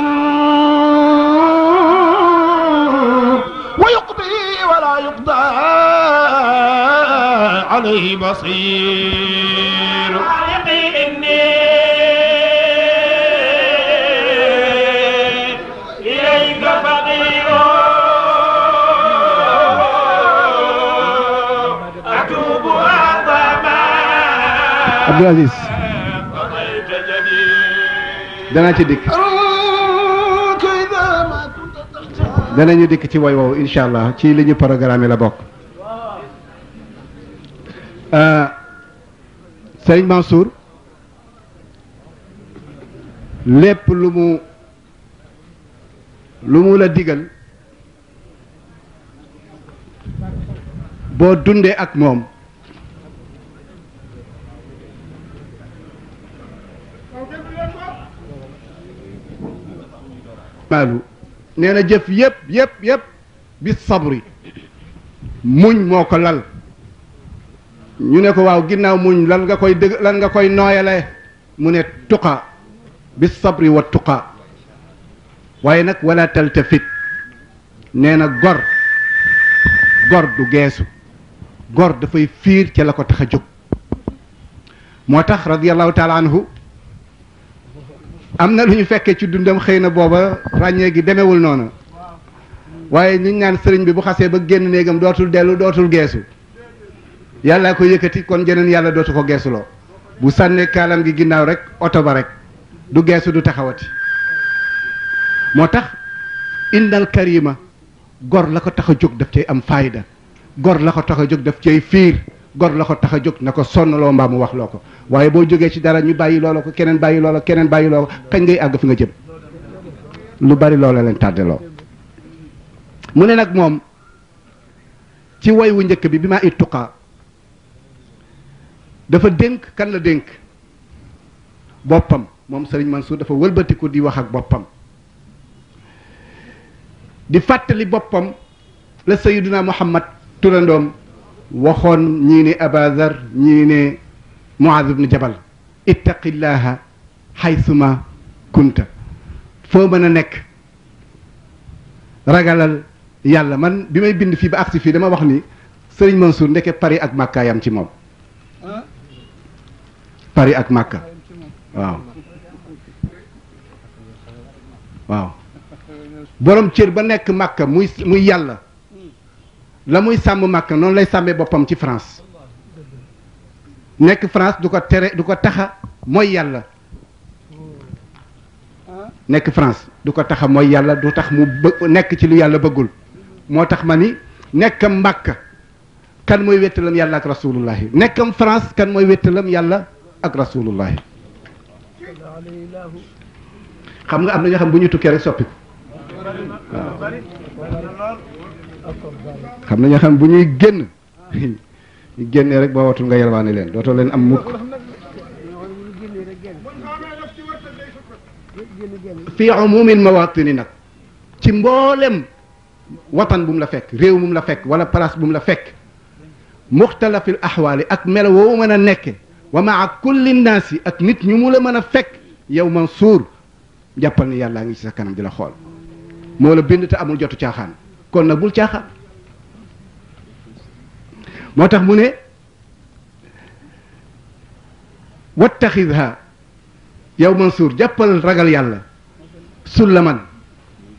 عليه بصير خالقي إني إليك فقير أتوب أعظما عبد العزيز danaa ci dikk danañu dikk ci woy woowu incha allah ci li ñu programme la bokk Euh, Serigne Mansour lépp lu mu lu mu la digal boo dundee ak moom maalu neena na jëf yëpp yëpp yëpp bi sabri muñ moo ko lal ñu ne ko waaw ginnaaw muñ lan nga koy dëgg lan nga koy nooyalee mu ne tuqa bi sabri wa waaye nag wala taltafit nee na gor gor du geesu gor dafay fiir ca la ko tax a jóg moo tax radiallahu taala anhu am na lu ñu fekkee ci dundam xëy na booba ràññee gi demewul noonu waaye ñu naan sëriñ bi bu xasee ba génn néegam dootul dellu dootul geesu yàllaa ko yëkkati kon jeneen yàlla dootu ko geesuloo bu sànnee kaalam gi ginnaaw rek oto ba rek du geesu du taxawati moo tax innal karima gor la ko tax a jóg daf cay am fayda gor la ko tax a jóg def cay fiir gor la ko tax a jóg na ko sonnloo mbaa mu wax loo ko waaye boo jógee ci dara ñu bàyyi loola ko keneen bàyyi loola keneen bàyyi loola kañ ngay àgg fi nga jëm lu bari loola leen tàddeloo mu ne nag moom ci woy njëkk bi bi maa it tuqaa dafa dénk kan la dénk boppam moom Serigne Mansour dafa wëlbatiku di wax ak boppam di fàttali boppam la Sayyiduna Muhammad turandoom waxoon ñii ne Abazar ñii ne Muaz ibn Jabal ittaqillaha xaysuma kunta foo mën a nekk ragalal yàlla man bi may bind fii ba agsi fii dama wax ni Serigne Mansour ndeke Paris ak makkaayam ci moom ah. Paris ak Màkka waaw waaw borom cër ba nekk Màkka muy muy yàlla la muy sàmm Màkka noonu lay sàmmee boppam ci France nekk France du ko tere du ko taxa mooy yàlla nekk France du ko taxa mooy yàlla du tax mu nekk ci lu yàlla bëggul moo tax ma ni nekkam Màkka kan mooy wéttalam yàlla ak rasulullahi nekkam France kan mooy wéttalam yàlla ak xam nga am na ñoo xam bu ñu tukkee rek soppiku xam na ñoo xam bu ñuy génn ñu génnee rek boo watul nga yalwaane leen dootoo leen am mukk fii umumin mawatini nag ci mboolem watan bu mu la fekk réew mu mu la fekk wala place bu mu la fekk muxtalafil ak melo mën a nekke wa maa kulli naasi ak nit ñu mu la mën a fekk yow Mansour jàppal ni yàllaa ngi ci sa kanam di la xool moo la bind te amul jotu caaxaan kon nag bul caaxaan moo tax mu ne wattaxidha yow Mansour jàppal ragal yàlla man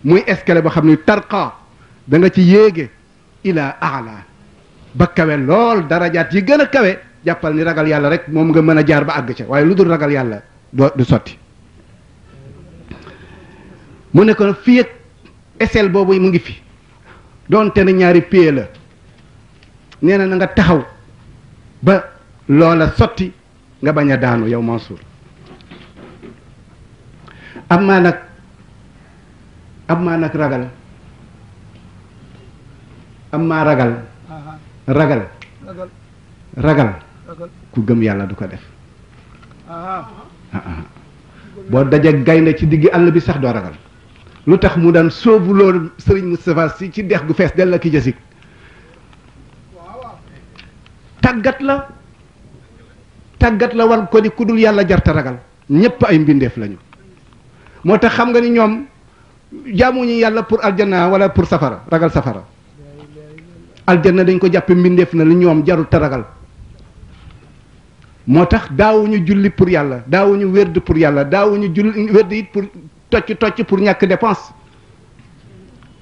muy escalier ba xam ni tarqa da ci yéege ila aala ba kawe lool darajaat yi gën a kawe jàppal ni ragal yàlla rek moom nga mën a jaar ba àgg ca waaye lu dul ragal yàlla doo du sotti mu ne ko fii ak échelle boobu mu ngi fi doonte ne ñaari pied la nee na nga taxaw ba loola sotti nga bañ a daanu yow Mansour am maa nag am maa nag ragal am maa ragal ragal ragal ku gëm yàlla du ko def ah, ah. boo daje gaynde ci digg àll bi sax doo ragal lu tax mu daan sóobu loolu Serigne Moustapha si ci dex gu fees del la ki jësig tàggat la tàggat la war ko ni ku dul yàlla jarta ragal ñépp ay mbindeef lañu moo tax xam nga ni ñoom jaamuñu yàlla pour aljanna wala pour safara ragal safara aljanna dañ ko jàppe mbindeef na li ñoom jarul te ragal moo tax daawuñu julli pour yàlla daawuñu wérd pour yàlla daawuñu julli wérd it pour tocc tocc pour ñàkk dépense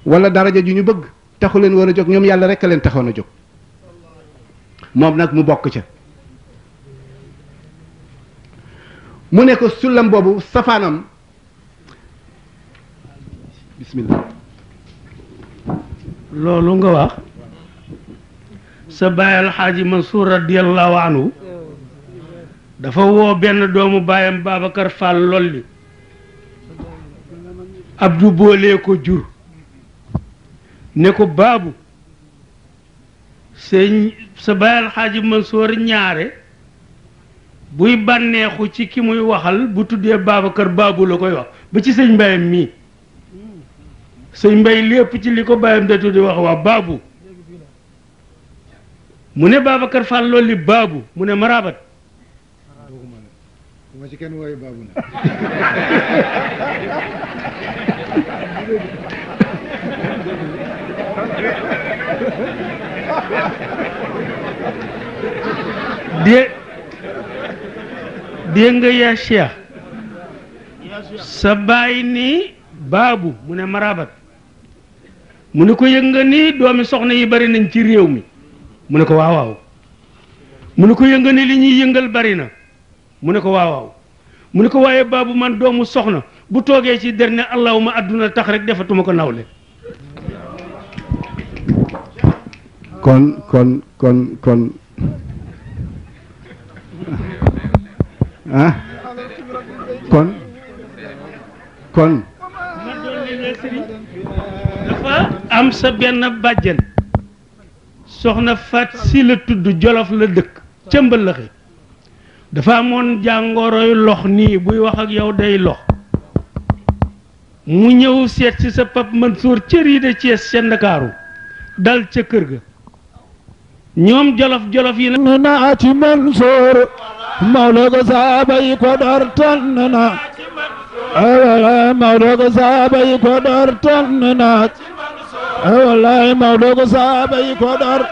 wala daraja ju ñu bëgg taxu leen war a jóg ñoom yàlla rek a leen taxoon a jóg moom nag mu bokk ca mu ne ko sullam boobu safaanam bismillah loolu nga wax sa baay alxaaji Mansour radiyallahu anhu dafa woo benn doomu baayam Babacar Fall lolli Abdou boolee ko jur ne ko baabu seen sa baayal xaaji Mansoor ñaare buy bànneexu ci ki muy waxal bu tuddee Babacar baabu la koy wax ba ci sëñ mbayam mii sëñ mbay lépp ci li ko baayam da tuddi wax waa baabu mu ne Babacar Fall lolli baabu mu ne ma maraabat ma ci kenn wooyu sa baay ni baabu mu ne marabat mu ne ko yënga nga ni doomi soxna yi bari nañ ci réew mi mu ne ko waawaaw mu ne ko yëg nga ni li ñuy yëngal bari na mu ne ko waawaaw mu ne ko waaye baabu man doomu soxna bu toogee ci der ne allahuma adduna tax rek defatuma ko nawle kon kon kon kon ah kon kon ma doon dafa am sa benn bàjjen soxna Fat si la tudd Jolof la dëkk ca Mbëllëxe dafa amoon jàngoroy lox nii buy wax ak yow day lox mu ñëw seet ci sa pap Mansour cër yi de Cees ca Ndakaaru dal ca kër ga ñoom jolof jolof yi na naati Mansour mawlo ko saaba yi ko dar tan na awala mawlo ko ko saaba yi ko dar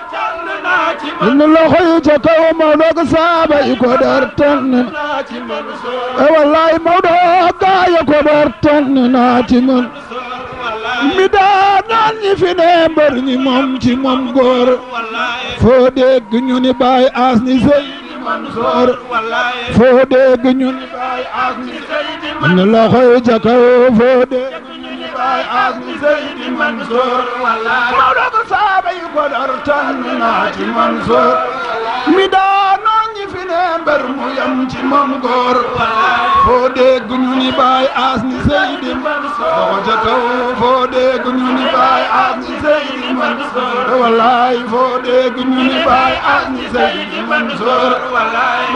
in loxo yi ca kaw Maodo ak saaba yi ko dar tan e wallahi Maodo ga ya ko dar tan na ci man mi daa naan ñi fi ne mbër moom ci moom góor foo dégg ñu ni baay as ni sëy Mansoor foo dégg ñu ni baay as ni sëy in loxo yi ca kaw foo dégg باي عزم زيد منصور مولى مصابي قدر تهمنات منصور ميدان ne mbër mu yam ci moom góor foo dégg ñu ni baay aas ni seydi doo ca kaw foo dégg ñu ni baay aas ni seydi Mansoor wallaay foo dégg ñu ni baay aas ni seydi Mansoor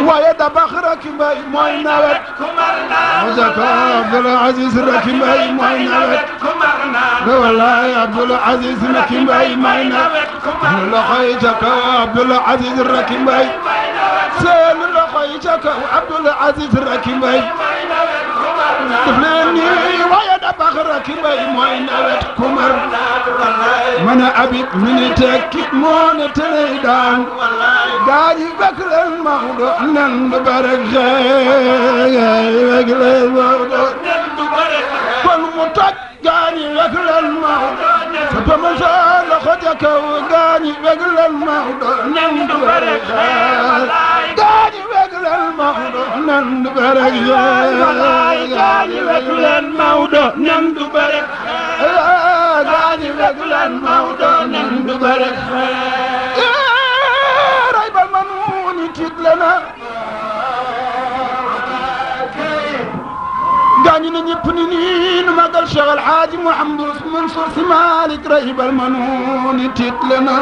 waaye dabax rek mbay mooy nawet doo ca kaw Abdul Aziz rek mbay mooy nawet wallaay Abdul Aziz rek mbay mooy nawet loxoy ca kaw Abdul Aziz rek mbay leen loxo yi ca kaw Abdul Aziz Racky Mbaye def leen nii waaye mooy nawet kumar mën a abit mi ni tekkit moo ne tëlay daan gaañi bëgg leen Maodo nen du bare xëy bëgg leen Maodo mu toj gaañi bëgg leen تمشى لخدك وقاني وقل المهدو نند برك قاني وقل المهدو نند برك قاني وقل المهدو نند برك قاني وقل المهدو نند برك na ñëpp ni nii nu magal Cheikh El Hadj Mouhamadou Mansour Sy Malick rahibal manuuni tiit lena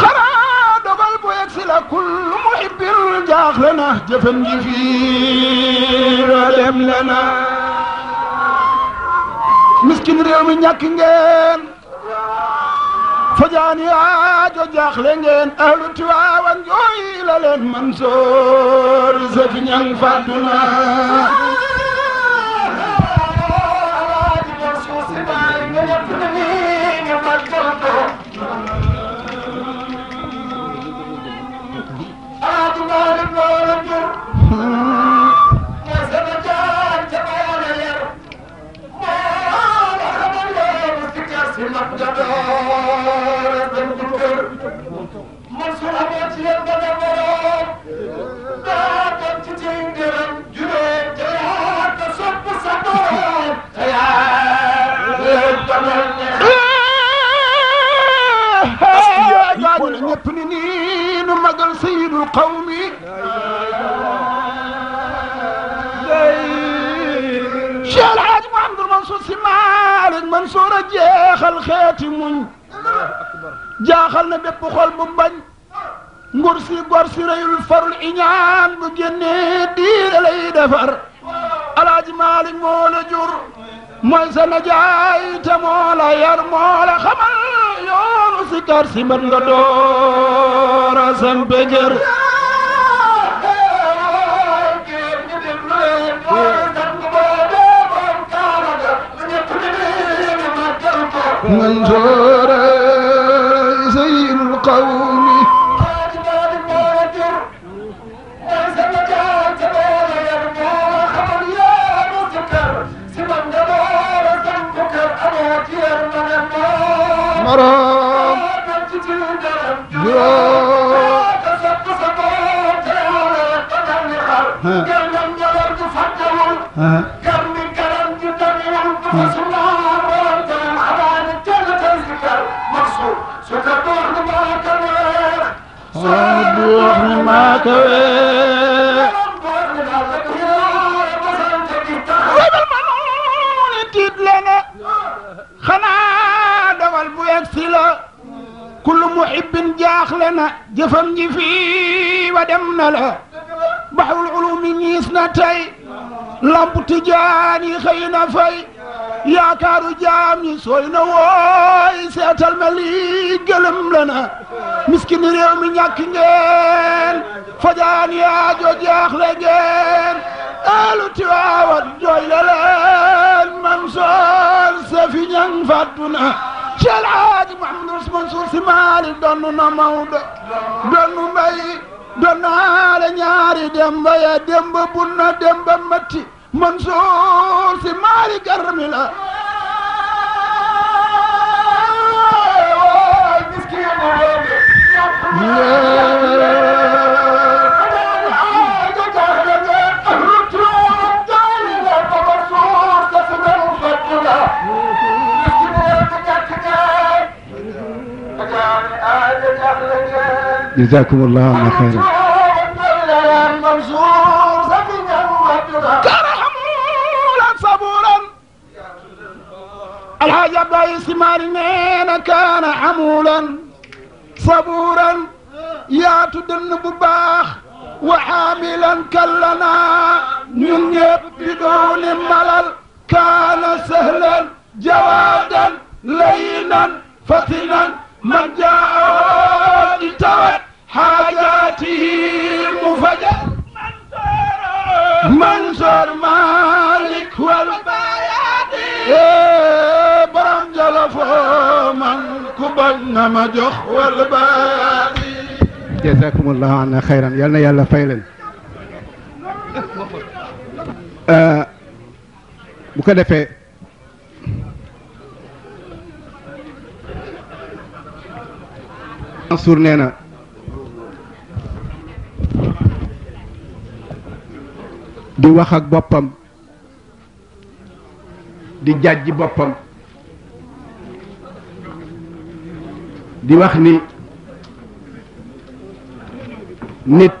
xanaa dogal bu yegg si la kull muhibbin jaaxle na jëfën ji fii dem lena miskin réew mi ñàkk ngeen fajaani aajo jaaxle ngeen ahlu Tiwaawan jooy la leen Mansoor Sëfi Ñaŋ fàttu na Thank you. Mansour Abbas yéen ba dem ba doon daa dem ci ci ngërëm juróom te yaa ko sopp sa doom te yaa leen ko doon ñaan. kon ñëpp ni nii nu magal sayyidul qawmi Cheikh El Hadj Mouhamadou Mansour Sy Malick Mansour a jeexal xeeti muñ jaaxal na bépp xol bu bañ ngur si gor si reyul farul iñaan bu génnee diire lay defar alaaji maalik moo jur mooy sa najaay te yar moo xamal yoonu si kar si mat nga doora sam bëgër manjoora القوم مرام يا ها ها ها صدوح ما كوي وين المنون تيد لنا خنا دوال بو يكسلا كل محب جاخ لنا جفم جفي ودمنا له بحر العلوم نيسنا تاي lamp tijaan yi xëy na fay yaakaaru jaam ñi sooy na wooy seetal ma lii gëlëm la na miskin réew mi ñàkk ngeen fajaan yaajo jaaxle ngeen elu tiwaawan jooy la leen Mansoor Safi ñang fàttu na Cheikh Alaaji Mahamadou Mansour Sy Maalik donn na Maodo donn mbay doon naale ñaari demba ya demba bunna demba matti Mansour si maari garmi la miskiin جزاكم الله عنا خيرا الحاج عبد الله سمار نينا كان حمولا صبورا يا تدن بباخ وحاملا كلنا من بدون ملل كان سهلا جوادا لينا فتنا من جاء لتوت حاجاته مفجر منصور مالك والبيادي برم جلفو من كبن مجخ والبيادي جزاكم الله عنا خيرا يلنا يلا فيلن bu ko defee Mansour nee na di wax ak boppam di jàjji boppam di wax ni nit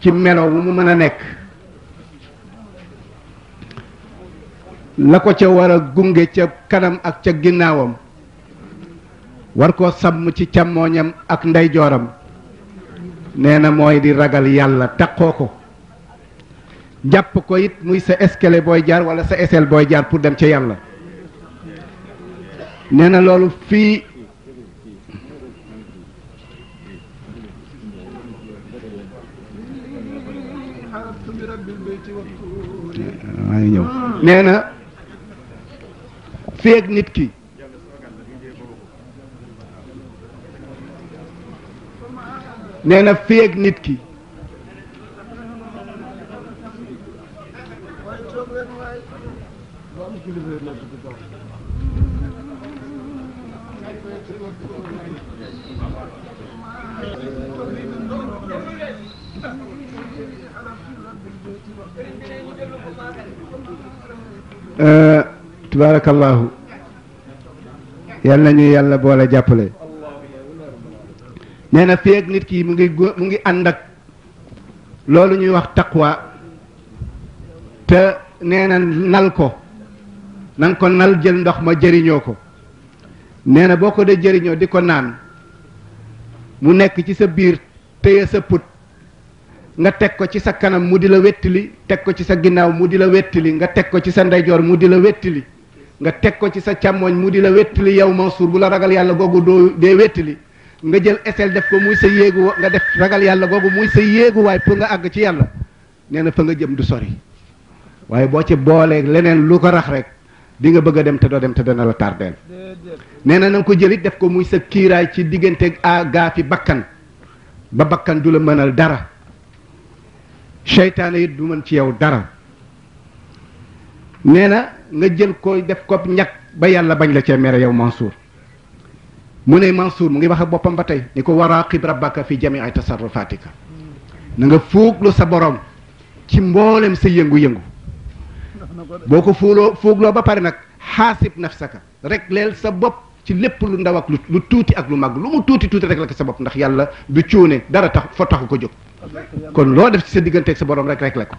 ci melo mu mu mën a nekk la ko ca war a gunge ca kanam ak ca ginnaawam war koo sàmm ci càmmooñam ak ndeyjooram nee na mooy di ragal yàlla takkoo ko jàpp ko it muy sa escalier booy jaar wala sa échelle booy jaar pour dem ca yàlla neena loolu fii maa ngi ñëw nit ki nee na féeg nit ki euh, tabaarakallaahu yal nañu yàlla boole jàppale nee na feeg nit kii mu ngi mu ngi ànd ak loolu ñuy wax waa te nee na nal ko na nga ko nal jël ndox ma jëriñoo ko nee na boo ko dee jëriñoo di ko naan mu nekk ci sa biir téye sa put nga teg ko ci sa kanam mu di la wettili teg ko ci sa ginnaaw mu di la wettili nga teg ko ci sa ndeyjoor mu di la wettili nga teg ko ci sa càmmoñ mu di la wettili yow Mansour bu la ragal yàlla googu doo dee wettili nga jël eseel def ko muy sa yéegu nga def ragal yàlla googu muy sa yéegu yéeguwaay pour nga àgg ci yàlla nee na fa nga jëm du sori waaye boo ci boolee leneen lu ko rax rek di nga bëgg a dem te doo dem te dana la tardeel nee na nanga ko jëlit def ko muy sa kiiraay ci diggante a gaafi bakkan ba bakkan du la mënal dara seytaane it du mën ci yow dara nee na nga jël ko def ko ñag ba yàlla bañ la cee mere yow Mansour mu ne Mansour mu ngi wax ak boppam ba tey ni ko waraqib rabbaka fi jamii tasarrufatika na nga fuuglu sa borom ci mboolem sa yëngu-yëngu boo ko fuuloo fuugloo ba pare nag xaasib nafsaka rek leel sa bopp ci lépp lu ndaw ak lu tuuti ak lu mag lu mu tuuti tuuti rek la ko sa bopp ndax yàlla du cuune dara tax foo taxu ko jóg kon loo def ci sa digganteeg sa borom rek rek la ko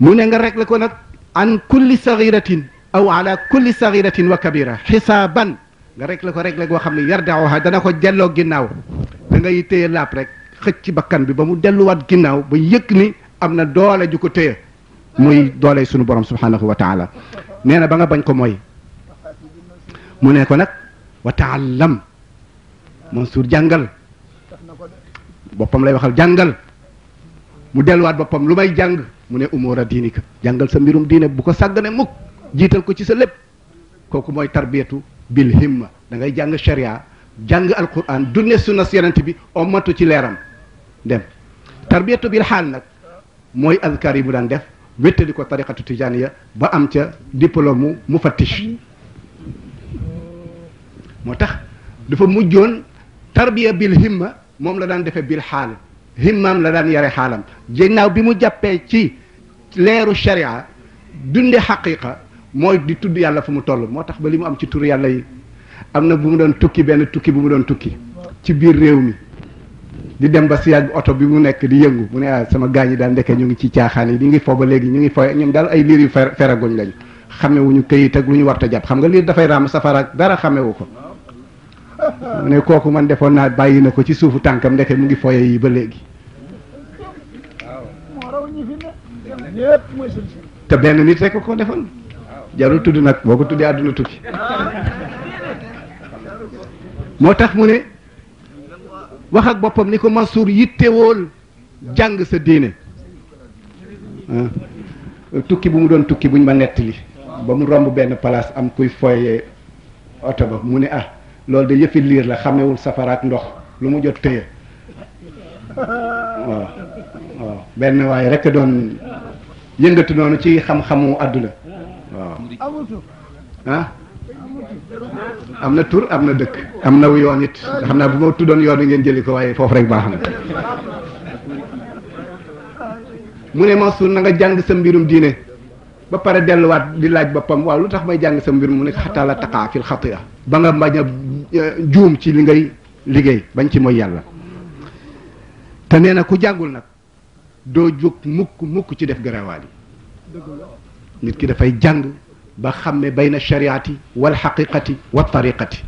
mu ne nga rek la ko nag an kulli saghiratin aw ala kulli saghiratin wa kabira xisaaban nga rek la ko rek la goo xam ne yardaoha dana ko delloo ginnaaw da ngay téye laab rek xëcc ci bakkan bi ba mu delluwaat ginnaaw ba yëg ni am na doole ju ko téye muy doole sunu borom subhanahu wa taala nee na ba nga bañ ko mooy mu ne ko nag wa taallam Mansour jàngal boppam lay waxal jàngal mu delluwaat boppam lu may jàng mu ne umura diinika jàngal sa mbirum diina bu ko sàggane mukk jiital ko ci sa lépp kooku mooy tarbiyatu bil himma da ngay jàng sharia jàng alquran dunne sunna si yonent bi ommatu ci leeram dem tarbiyatu bil xaal nag mooy azkar yi mu daan def wéttali ko tariqatu tijaniya ba am ca diplôme mu mu moo tax dafa mujjoon tarbiya bil himma moom la daan defee bil xaal himmaam la daan yare xaalam ginnaaw bi mu jàppee ci leeru sharia dunde xaqiqa mooy di tudd yàlla fu mu toll moo tax ba li mu am ci tur yàlla yi am na bu mu doon tukki benn tukki bu mu doon tukki ci biir réew mi di dem ba si yàgg oto bi mu nekk di yëngu mu ne ah sama gaañ yi daal ndeke ñu ngi ci caaxaan yi ñu ngi fo ba léegi ñu ngi fooy ñoom daal ay liir yu feragoñ lañu xame wuñu këyit ak lu ñu war jàpp xam nga liir dafay raam safara dara xamewu ko mu ne kooku man defoon naa bàyyi na ko ci suufu tànkam ndeke mu ngi foye yi ba léegi benn jarul tudd nag boo ko tuddee àdduna tukki moo tax mu ne wax ak boppam ni ko Mansour yittewool jàng sa diine ah. tukki bu mu doon tukki buñ ma nettali ba mu romb benn place am kuy foyee oto ba mu ne ah loolu de yëfi liir la xamewul safaraak ndox lu mu jot téye waaw waaw benn waaye rekk doon yëngatu noonu ci xam-xamu àdduna waaw am na tur am na dëkk am na yoon it xam naa bu ma tuddoon yoon wi ngeen jëli ko waaye foofu rek baax na mu ne Mansour na nga jàng sa mbirum diine ba pare delluwaat di laaj boppam waaw lu tax may jàng sa mbirum mu ne xataa la taqaa fil ba nga bañ a e, juum ci li ngay liggéey bañ ci mooy yàlla te nee na ku jàngul nag doo jóg mukk mukk ci def garawaal yi nit ki dafay jàng ba xam ne bayna shariati wal xaqiqati wa tariqati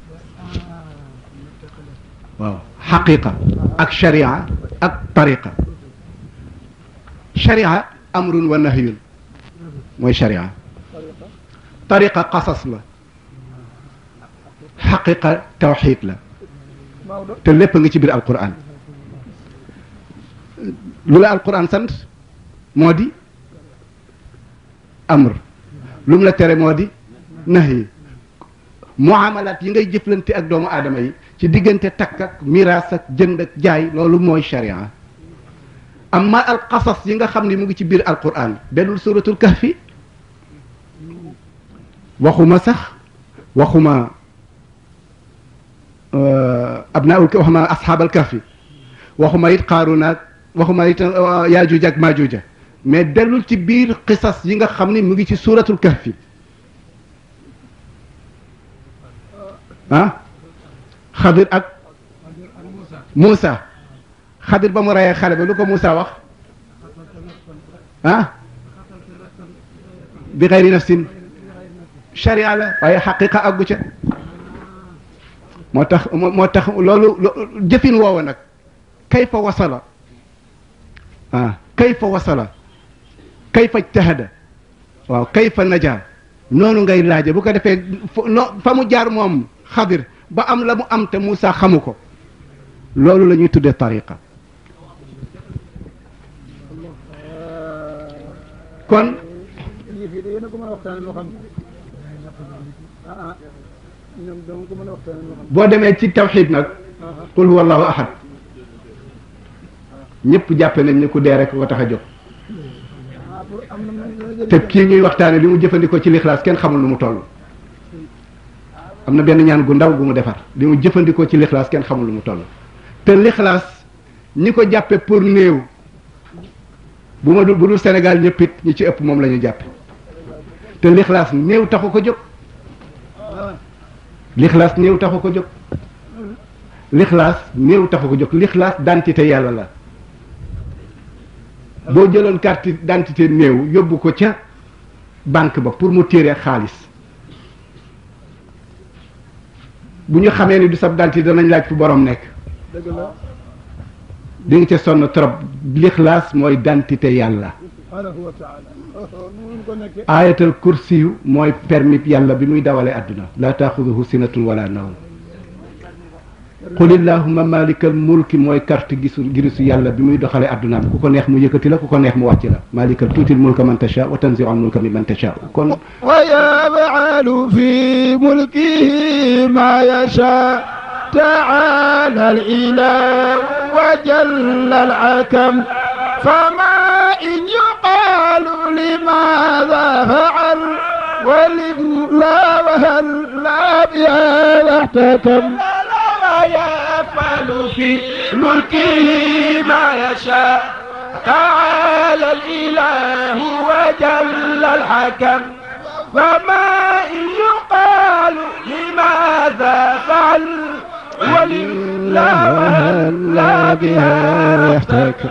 waaw xaqiqa ak sharia ak tariqa sharia amrun wa nahyun mooy sharia tariqa qasas la xaqiqa tawxid la te lépp nga ci biir alquran lu la alquran sant moo di amr lu mu la tere moo di nahi muamalaat yi ngay jëflante ak doomu aadama yi ci diggante takk ak miraas jaay loolu mooy sharia amma al qasas yi nga xam ni mu ngi ci biir alquran bennul suratul kahfi waxuma sax waxuma euh, abnaul waxuma ashaabal kahfi waxuma it xaarunaak waxuma it euh, yaajuj ak mais dellul ci biir qisas yi nga xam ni mu ngi ci suuratul kahfi ah xadir ak Moussa xadir ba mu reyee xale ba lu ko Moussa wax ah bi xayri nafsin charia la waaye xaqiqa àggu ca moo tax moo tax loolu jëfin woowa nag kayfa wasala ah kayfa wasala kayfa ijtahada waaw kayfa naja noonu ngay laaje bu ko defee fa mu jaar moom xadir ba am la mu am te Moussa xamu ko loolu la ñuy tuddee tariqa kon boo demee ci tawxid nag qul huwa allahu ahad ñëpp jàppe nañ ne ku dee rek ko tax a jóg te kii ñuy waxtaan waxtaane li mu jëfandikoo ci lixlaas kenn xamul lu mu toll am na benn ñaan gu ndaw gu mu defar li mu jëfandikoo ci lixlaas kenn xamul lu mu toll te lixlaas ñi ko jàppe pour néew bu ma dul bu dul Sénégal ñëpp it ñi ci ëpp moom la ñu jàppe te lixlaas néew taxu ko jóg lixlaas néew taxu ko jóg lixlaas néew taxu ko jóg lixlaas dantité yàlla la boo jëloon carte d'identité néew yóbbu ko ca banque ba pour mu téere xaalis bu ñu xamee ni du sab d'identité danañ laaj fu borom nekk di nga ca sonn trop lixlaas mooy d'identité yàlla ayatal kursiyu mooy permis yàlla bi muy dawalee àdduna laa taaxuduhu sinatun wala nawm qul illahuma malikal mulki mooy carte gisu girisu yàlla bi muy doxale addunaam ku ko neex mu yëkkati la ku ko neex mu wàcc la malikal tuutil mulka man tasha wa tanziul mulka mi man tasha kon wa yafaalu fi mulkihi ma yasha taala al ilah wa jalla al akam fama in yuqalu limaada faal wa lim la wahal la biha wahtakam يفعل في ملكه ما يشاء تعالى الإله وجل الحكم فما إن يقال لماذا فعل ولله لا بها يحتكم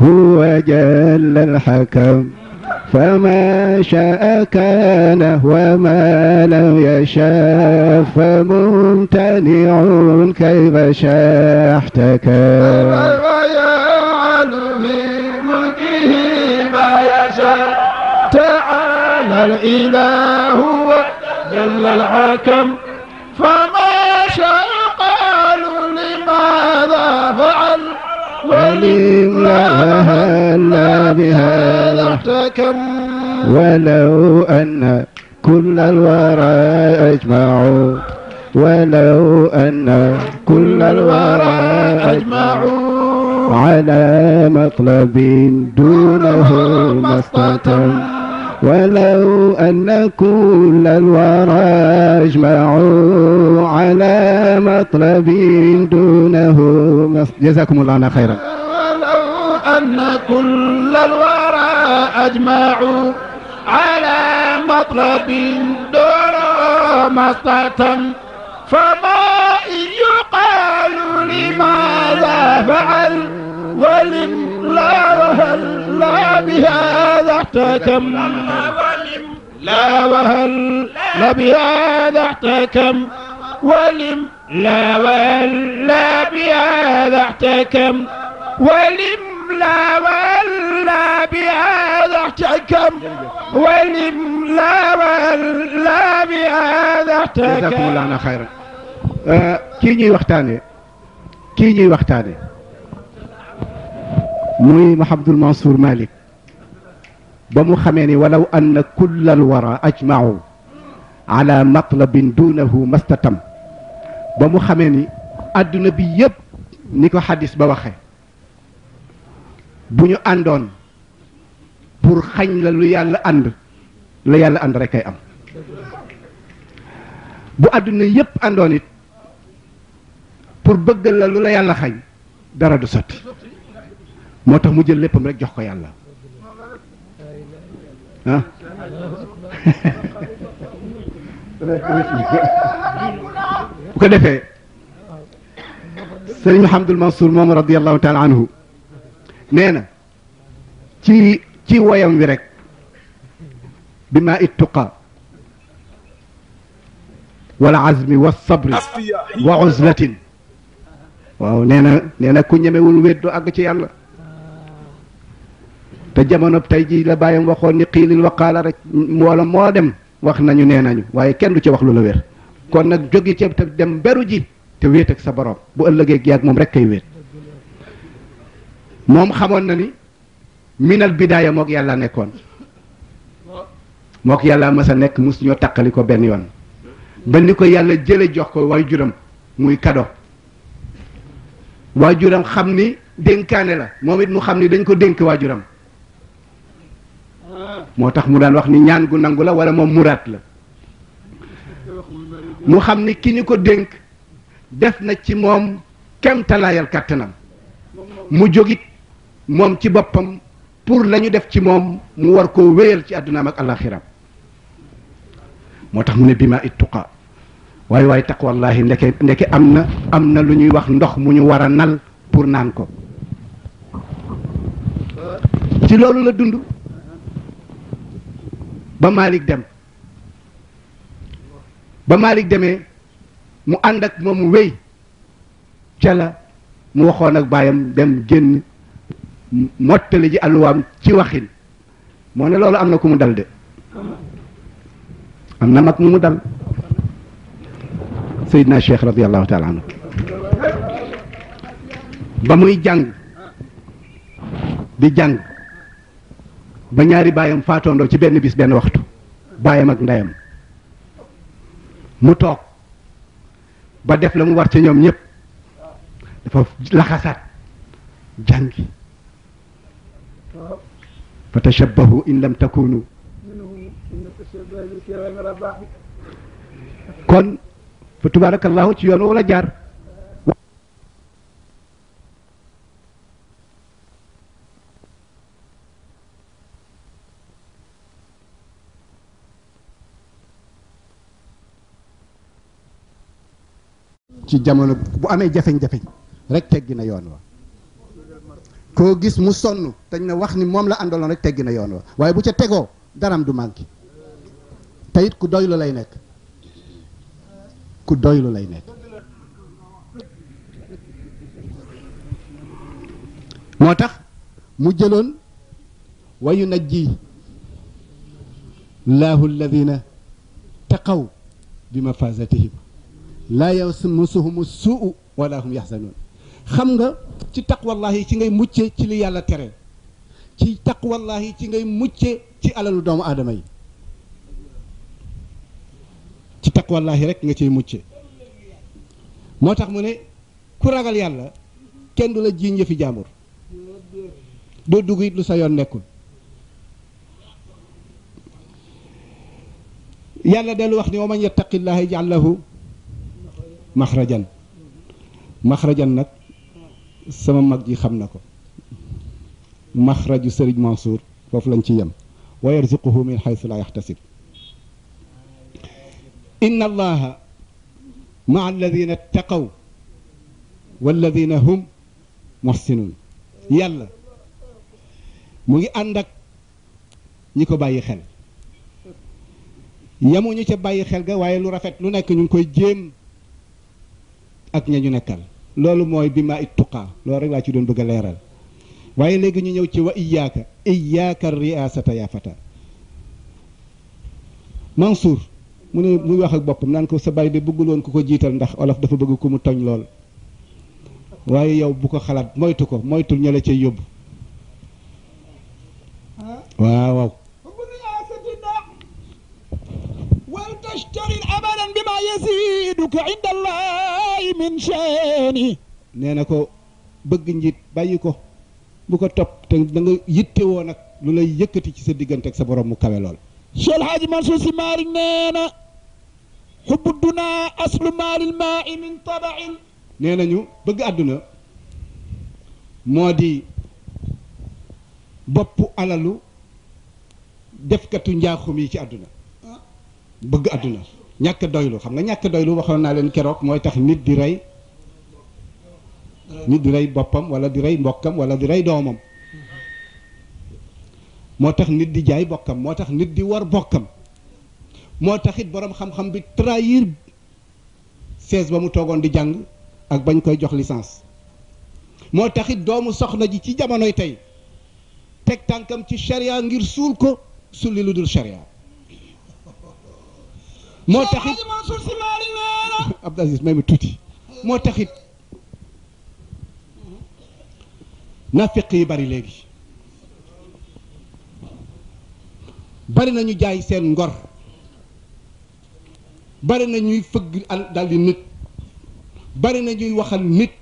هو جل الحكم فما شاء كان وما لم يشاء فممتنع كيف شاء احتكى ويجعل من ملكه ما يشاء تعالى الإله جل الحكم ولم لها بهذا احتكم ولو أن كل الورى أجمعوا ولو أن كل الورى أجمعوا على مطلب دونه ما استطعوا ولو أن كل الورى اجمعوا على مطلب دونه جزاكم الله خيرا ولو أن كل الورى أجمعوا على مطلب دونه مصلحة فما يقال لماذا فعل ولم لا هل بهذا احتكم لا وهل لا بهذا احتكم ولم لا وهل لا بهذا احتكم ولم لا وهل لا بهذا احتكم ولم لا وهل لا بهذا احتكم جزاكم الله عنا خيرا kii ñuy waxtaane kii ñuy waxtaane muy Mouhamadoul Mansour Malick ba mu xamee ni walaw anna kulla alwara ajmau ala matlabin duunahu mastatam ba mu xamee ni àdduna bi yépp ni ko xadis ba waxe bu ñu àndoon pour xañ la lu yàlla ànd la yàlla ànd rek ay am bu àdduna yépp àndoon it pour bëggal la lu la yàlla xañ dara du sotti moo tax mu jël léppam rek jox ko yàlla ah bu ko defee sëriñ Mouhamadul Mansour moom radiallahu taala anhu nee na ci ci woyam wi rek bi maa ittuqa wala azmi wa sabri wa uzlatin waaw nee na nee na ku ñemewul weddu àgg ci yàlla te jamono tey jii la bàyyam waxoon ni xiilin waqaala rek wala moo dem wax nañu nee nañu waaye kenn du ci wax lu la wér kon nag jóge ci te dem beru ji te wéet ak sa boroom bu ëllëgee yaag moom rek kay wéet moom xamoon na ni minal bidaaya mook yàlla nekkoon mook yàlla mas a nekk mus ñoo taqali ko benn yoon ba ni ko yàlla jële jox ko waay juram muy kado waajuram xam ni dénkaane la moom it mu xam ni dañ ko dénk waajuram moo tax mu daan wax ni ñaan gu nangu la wala moom muraat la mu xam ni ki ñu ko dénk def na ci moom kemtalaayal kàttanam mu jógit moom ci boppam pour la def ci moom mu war ko wéyal ci àddunaam ak alaxiram moo tax mu ne bima ittuqa waaye waaye taqwallahi ndeke ndeke am na am na lu ñuy wax ndox mu ñu war a nal pour naan ko ci loolu la dund ba Malick dem ba Malick demee mu ànd ak moom mu wéy ca la mu waxoon ak baayam dem génn mottale ji alluwaam ci waxin moo ne loolu am na ku mu dal de am na mag mu mu dal Seydina Cheikh radiyallahu taala anhu ba muy jàng di jàng ba ñaari baayam faatoondoo ci benn bis benn waxtu baayam ak ndeyam mu toog ba def la mu war ci ñoom ñëpp dafa laxasaat jàngi fa tashabbahu in lam takunu kon fa tabarakallahu ci yoon wala jaar ci jamono bu amee jafeñ-jafeñ rek teggi na yoon wa koo gis mu sonn dañ na wax ni moom la àndaloon rek teggi na yoon wa waaye bu ca tegoo daram du manqué te it ku doylu lay nekk ku doylu lay nekk moo tax mu jëloon ji yunajji la alladina taqaw bi mafasatihim laa yamassuhum suu wala hum yaxzanoon xam nga ci taqwallahi ci ngay mucce ci li yàlla tere ci taqwallahi ci ngay mucce ci alalu doomu aadama yi ci taqwallahi rek nga ciy mucce moo tax mu ne ku ragal yàlla kenn du la jiiñ yëfi jàmbur doo dugg it lu sa yoon nekkul yàlla dellu wax ni wa man yattaqillaha yaj'al maxrajan maxrajan nag sama mag ji xam na ko maxraju sëriñ Mansour foofu lañ ci yem wa yarzuquhu min xaysu laa yaxtasib inna allaha maa alladina taqaw walladina hum muxsinuun yàlla mu ngi ànd ak ñi ko bàyyi xel yamuñu ca bàyyi xel ga waaye lu rafet lu nekk ñu ngi koy jéem ak ña ñu nekkal loolu mooy bi maa it tuqaa loolu rek laa ci doon bëgg leeral waaye léegi ñu ñëw ci wa iyaaka iyaaka riasata yaa fata Mansour mu ne muy wax ak boppam naan ko sa baay de bëgguloon ku ko jiital ndax olof dafa bëgg ku mu toñ lool waaye yow bu ko xalaat moytu ko moytul ña la cay yóbbu ah. waaw tashtarin na ko bëgg njiit bàyyi ko bu ko topp te da woo nag lu lay yëkkati ci sa diggante sa borom mu kawe lool Cheikh nañu bëgg àdduna moo di bopp alalu defkatu njaaxum yi ci àdduna bëgg àdduna ñàkk doylu xam nga ñàkk doylu waxoon naa leen keroog mooy tax nit di rey nit di rey boppam wala di rey mbokkam wala di rey doomam moo tax nit di jaay bokkam moo tax nit di war bokkam moo taxit boroom xam-xam bi trahir sees ba mu toogoon di jàng ak bañ koy jox licence moo taxit doomu soxna ji ci jamonoy tey teg tànkam ci sharia ngir suul ko sulli lu dul sharia moo taxit Abdou Aziz may tuuti moo taxit nafiq yi bari léegi bari nañu jaay seen ngor bari na ñuy fëgg dal di nit bari na ñuy waxal nit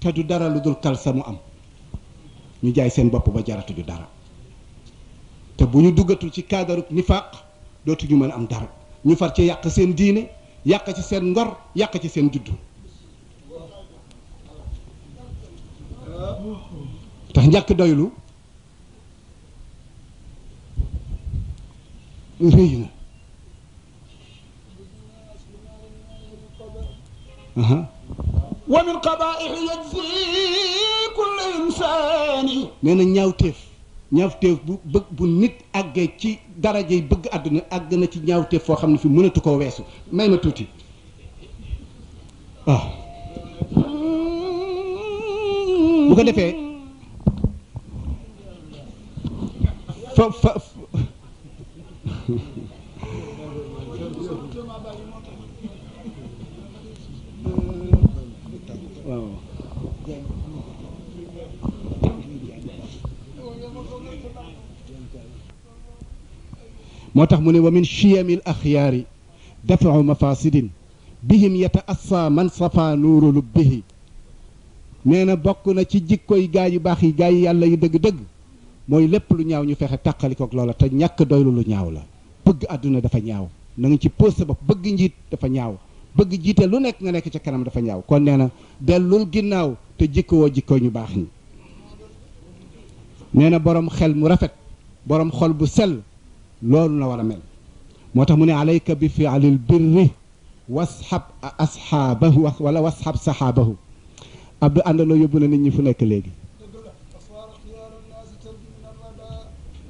te du dara lu dul mu am ñu jaay seen bopp ba jaratu du dara te bu ñu duggatul ci kaadaru nifaaq ñu mën am dara ñu far ci yàq seen diine yàq ci seen ngor yàq ci seen juddu tax njàkk doylu réy na wa min qabaa'ihi yajzi insaani nee na ñaawteef ñaawteef bu bëgg bu nit àggee ci darajey bëgg àdduna àgg na ci ñaawteef foo xam ne fi mënatu ko weesu may ma tuuti waaw ah. bu ko defee fa fa moo tax mu ne wa min chiyamil axyaari dafau mafasidin bihim yata assa man safa nuuru lubbihi nee na bokk na ci jikkoy gaa yu baax yi gaa yi yàlla yu dëgg-dëgg mooy lépp lu ñaaw ñu fexe tàqalikook loola te ñàkk doylu lu ñaaw la bëgg àdduna dafa ñaaw na nga ci pos sa bopp bëgg njiit dafa ñaaw bëgg jiite lu nekk nga nekk ca kanam dafa ñaaw kon nee na dellul ginnaaw te jikkowoo jikko ñu baax ñi nee na boroom xel mu rafet boroom xol bu sell loolu la war a mel moo tax mu ne alayka bi fialil birri wasxab asxaabahu wala wasxab saxaabahu abdu àndaloo yóbbu na nit ñi fu nekk léegi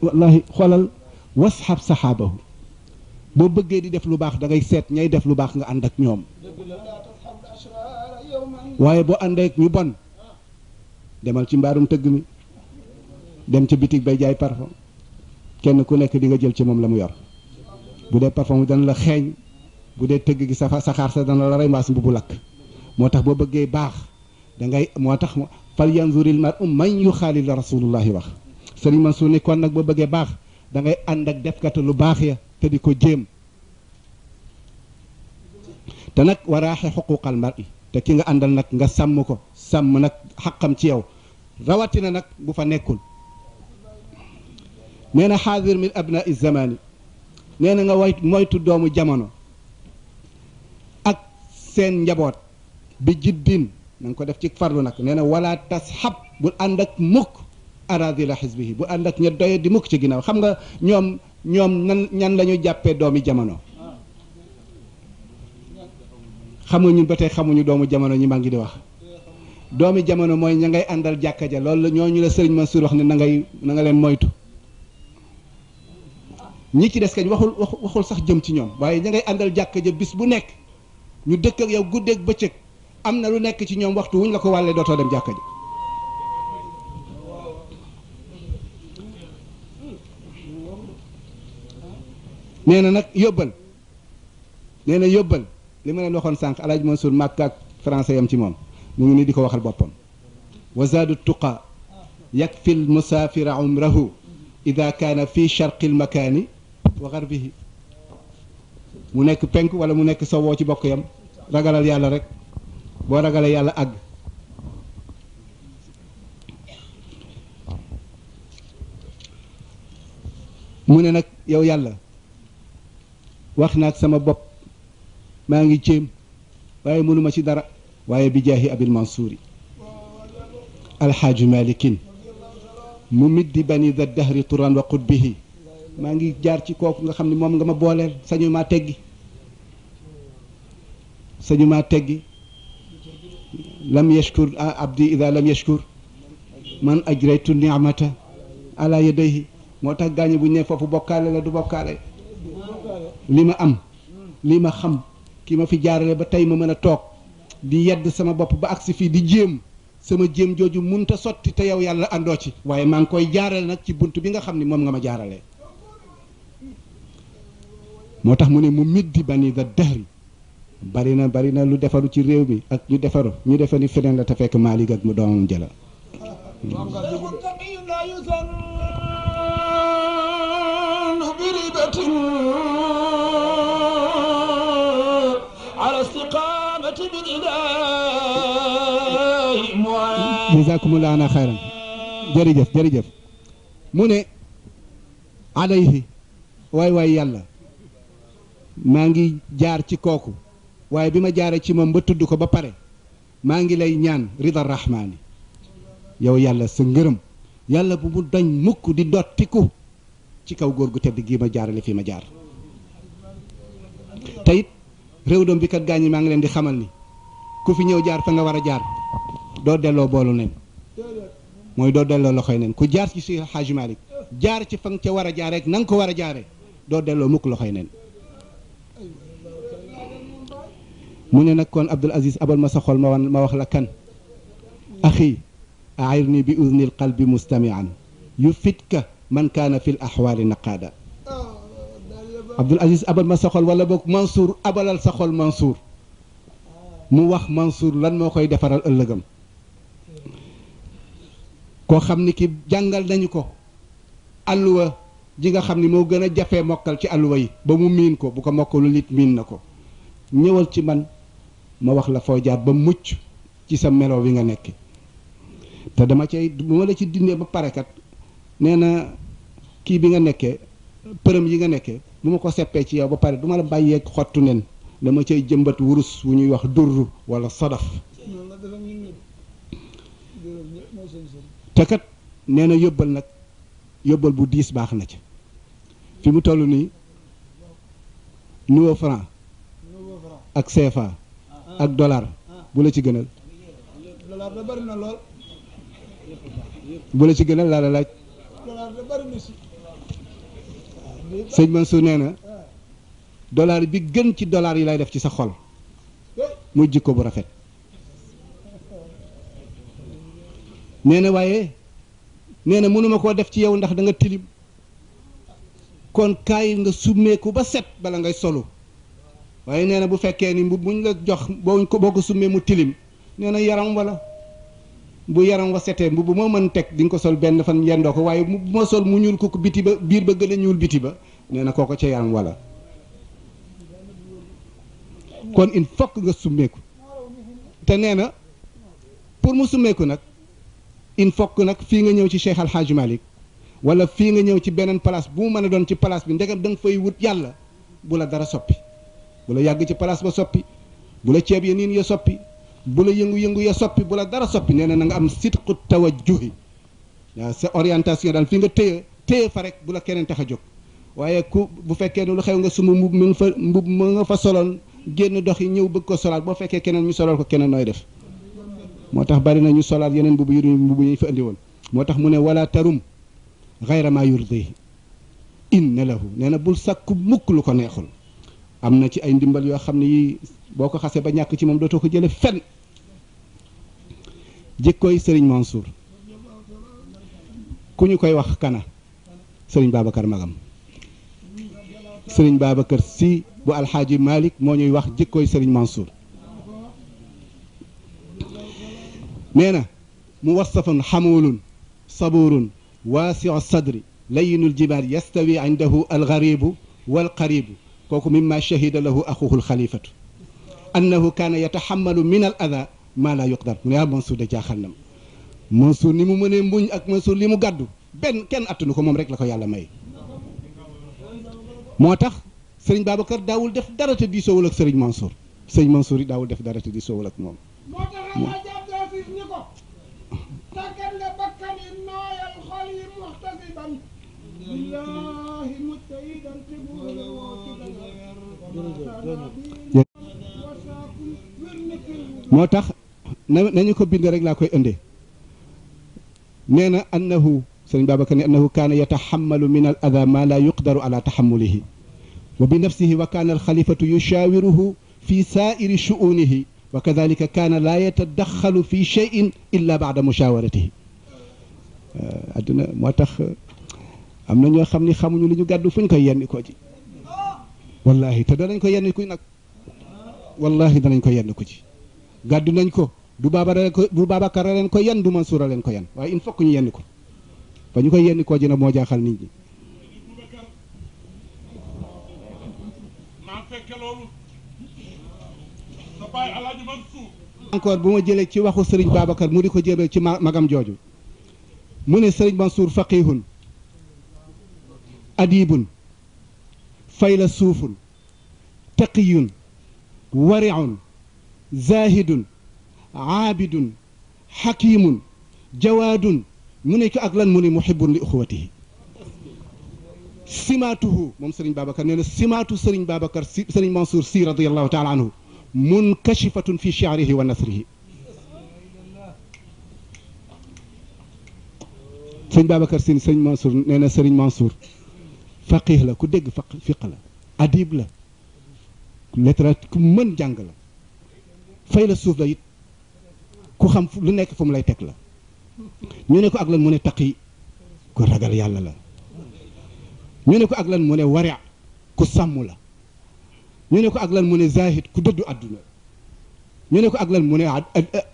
wallahi xoolal wasxab saxaabahu boo bëggee di def lu baax da ngay seet ñay def lu baax nga ànd ak ñoom waaye boo àndee ak ñu bon demal ci mbaarum tëgg mi dem ci bitig bay jaay parfum kenn ku nekk di nga jël ci moom la mu yor bu dee parfum dana la xeeñ bu dee tëgg gi sa saxaar sa dana la rey mbaas bu lakk moo tax boo bëggee baax da ngay moo tax fal yanzuril mar um man yu xaalil la rasulullahi wax sëriñ Mansour ni kon nag boo bëggee baax dangay ànd ak defkata lu baax ya te di ko jéem te nag waraaxe xuquqal mar i te ki nga àndal nag nga sàmm ko sàmm nag xaqam ci yow rawatina nag bu fa nekkul nee na xaadir min abnaa zamani nee na nga way moytu doomu jamono ak seen njaboot bi jiddin na ko def ci farlu nag nee na tas tasxab bul ànd ak mukk aradila xisbihi bul ànd ak ña doye di mukk ci ginnaaw xam nga ñoom ñoom nan ñan la ñu jàppee doomi jamono xamuñu ñun ba tey xamuñu doomu jamono ñi maa ngi di wax doomi jamono mooy ña ngay àndal jàkka ja loolu la ñu la sëriñ Mansour wax ne na ngay na nga leen moytu ñi ci des kañ waxul waxul sax jëm ci ñoom waaye dangay ngay àndal jàkk ja bis bu nekk ñu dëkk ak yow guddeeg bëccëg am na lu nekk ci ñoom waxtu wuñ la ko wàllee dootoo dem jàkka ja nee na nag yóbbal nee na yóbbal li ma leen waxoon sànq alaaj Mansour màkk ak français yam ci moom mu nii di ko waxal boppam wa zaadu tuqa yakfi l musaafira umrahu ida kaana fi charqi l wa garbihi mu nekk penk wala mu nekk sowoo ci bokk yam ragalal yàlla rek boo ragalee yàlla àgg mu ne nag yow yàlla wax naa ak sama bopp maa ngi céem waaye mënuma ci dara waaye bi jaahi abil mansuuri alxaaju malikin mu middi bani da dahri turan wa qutbihi maa ngi jaar ci kooku nga xam ni moom nga ma booleel sañu maa teggi sañu maa teggi lam yashkur ah, abdi ida lam yashkur man ajraytu ni'mata ala yadayhi moo tax gaañu bu ñu ne foofu bokkaale la du bokkaale li ma am li ma xam ki ma fi jaarale ba tey ma mën a toog di yedd sama bopp ba agsi fii di jéem sama jéem jooju mun munta sotti te yow yàlla àndoo ci waaye maa ngi koy jaarale nag ci bunt bi nga xam ni moom nga ma jaarale moo tax mu ne mu middi bani da dehri bari na bari na lu defaru ci réew mi ak ñu defaru ñu defe ni feneen la te fekk Maalik ak mu doomam jëla jazakumullahu xayran jërëjëf jërëjëf mu ne alayhi waay yàlla maa ngi jaar ci kooku waaye bi ma jaaree ci moom ba tudd ko ba pare maa ngi lay ñaan rida rahmaani yow yàlla sa ngërëm yàlla bu mu dañ mukk di dottiku ci kaw góor gu tedd gii ma jaarale fi ma jaar te it réew doom bi kat gaañ ñi maa ngi leen di xamal ni ku fi ñëw jaar fa nga war a jaar doo delloo boolu nen mooy doo delloo loxoy nen ku jaar ci si Xaaji Malik jaar ci fa nga ca war a jaar rek na nga ko war a jaaree doo delloo mukk loxoy nen mu ne nag kon Abdul Aziz abal ma sa xol ma ma wax la kan axi airni bi uznil qalbi mustamian yu fitka man kaana fi l axwaali naqaada Abdul Aziz abal ma sa xol boog Mansour abalal sa xol Mansour mu wax Mansour lan moo koy defaral ëllëgam koo xam ni ki jàngal nañu ko alluwa ji nga xam ni moo gën a jafee mokkal ci alluwa yi ba mu miin ko bu ko mokkalul nit miin na ko ñëwal ci man ma wax la foo jaar ba mucc ci sa melo wi nga nekk te dama cay bu ma la ci dindee ba pare kat nee na kii bi nga nekkee përëm yi nga nekkee bu ma ko seppee ci yow ba pare du ma la bàyyeeg xottu nen dama cay jëmbat wurus wu ñuy wax durru wala sadaf te kat nee na yóbbal nag yóbbal bu diis baax na ci fi mu toll nii nouveau franc ak CFA ak dollar bu la ci gënal dollar da na lool bu la ci gënal laa la laaj dollar da su na nee na dollar bi gën ci dollar yi lay def ci sa xol muy jikko bu rafet nee na waaye nee na mënuma koo def ci yow ndax danga nga tilim kon kaay nga summeeku ba set bala ngay solu waaye nee na bu fekkee ni bu buñ la jox boo ko boo summee mu tilim nee na yaram wala bu yaram wa setee mbubb ma mën teg dinga ko sol benn fan yendoo ko waaye bu ma sol mu ñuul ko biti ba biir ba gën a ñuul biti ba nee na kooko ca yaram wala kon il fokk nga summeeku te nee na pour mu summeeku nag il faut que nag fii nga ñëw ci Cheikh Al Hadj Malick wala fii nga ñëw ci beneen place bu mu mën a doon ci place bi ndegam da nga fay wut yàlla bu la dara soppi bu la yàgg ci place ba soppi bu la ceeb ya niin ya soppi bu la yëngu-yëngu ya soppi bu la dara soppi nee na na nga am tawa tawajjuhi waaw sa orientation daal fi nga téye téye fa rek bu la keneen tax a jóg waaye ku bu fekkee ne lu xew nga suma mbub mu nga fa mbub mu nga fa soloon génn dox yi ñëw bëgg ko solaat boo fekkee keneen ñu solal ko keneen nooy def moo tax bari na ñu solaat yeneen mbubu yu mbubu yi fa indi woon moo tax mu ne wala tarum xayra ma yurdi inna lahu nee na bul sàkku mukk ko neexul am na ci ay ndimbal yoo xam ne yii boo ko xasee ba ñàkk ci moom dootoo ko jële fenn jikkooy sëriñ Mansour ku ñu koy wax kana sëriñ Babacar magam sëriñ Babacar si bu alxaaji Malick moo ñuy wax jikkooy sëriñ Mansour nee na mu wasafun xamulun saburun waasiu sadri layinul jibaal yastawi indahu alxaribu walqaribu kooku mimma shahida lahu axuhu lxalifatu annahu kaana yataxamalu min al ada maa laa yuqdar mu ne ah Mansour de jaaxal na ma Mansour ni mu mënee mbuñ ak Mansour li mu gàddu benn kenn attanu ko moom rek la ko yàlla may moo tax sëriñ Babacar daawul def dara te diisoowul ak sëriñ Mansour sëriñ Mansour yi daawul def dara te diisoowul ak moom moo tax jàpp siis ni ko tàggat nga bakkan yi nooyal xol yi muxtasiban moo tax nañu ko bind rek laa koy indee nee na annahu sëriñ Babacar ne annahu kaana yataxamalu min al ada ma la yuqdaru ala taxamulihi wa bi nafsihi wa kaana alxalifatu yushaawiruhu fi saairi shuunihi wa kadalika kaana laa yatadaxalu fi cheyin illa baada mushawaratihi adduna moo tax am na ñoo xam ni xamuñu li ñu gàddu fuñ koy yenn koo ji wallahi te danañ ko yenn ku nag wallahi danañ ko yenn ku ci gàddu nañ ko du baabara ko du Babacar a leen ko yan du Mansour a leen ko yan waaye il faut ñu yenn ko fa ñu koy yenn koo ji moo jaaxal nit ñi encore bu ma jëlee ci waxu sëriñ Babacar mu di ko jébal ci magam jooju mu ne sëriñ Mansour faqihun adibun faylasuufun taqiyun wariun zaahidun aabidun xakimun jawaadun mu ne ko ak lan mu ne muhibun li uxuwatihi simaatuhu moom sëriñ Babacar nee na simaatu sëriñ Babacar si sëriñ Mansour si radiallahu taala anhu munkachifatun fi chiarihi wa nasrihi sëriñ Babacar si sëriñ Mansour nee na sëriñ Mansour faqih la ku dégg faq fiq la adib la littérature ku mën jàng la fay la suuf la it ku xam lu nekk fu mu lay teg la ñu ne ko ak lan mu ne taqi ku ragal yàlla la ñu ne ko ak lan mu ne wari ku sàmm la ñu ne ko ak lan mu ne zahid ku dëddu àdduna ñu ne ko ak lan mu ne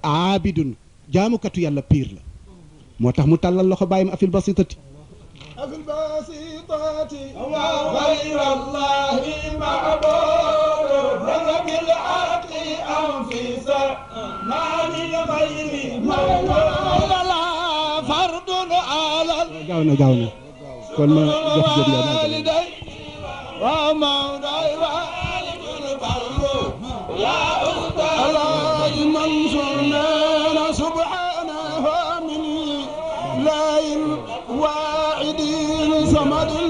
aabidun jaamukatu yàlla piir la moo tax mu tàllal loxo bàyyi ma afil basitati afil السلطات وغير الله معبود رزق العقل أنفسا ما للغير مولود لا فرد على جاونا جاونا كل ما جهد والدي ومولاي والد البر يا أستاذ الله منصورنا سبحانه من لا واعدين صمد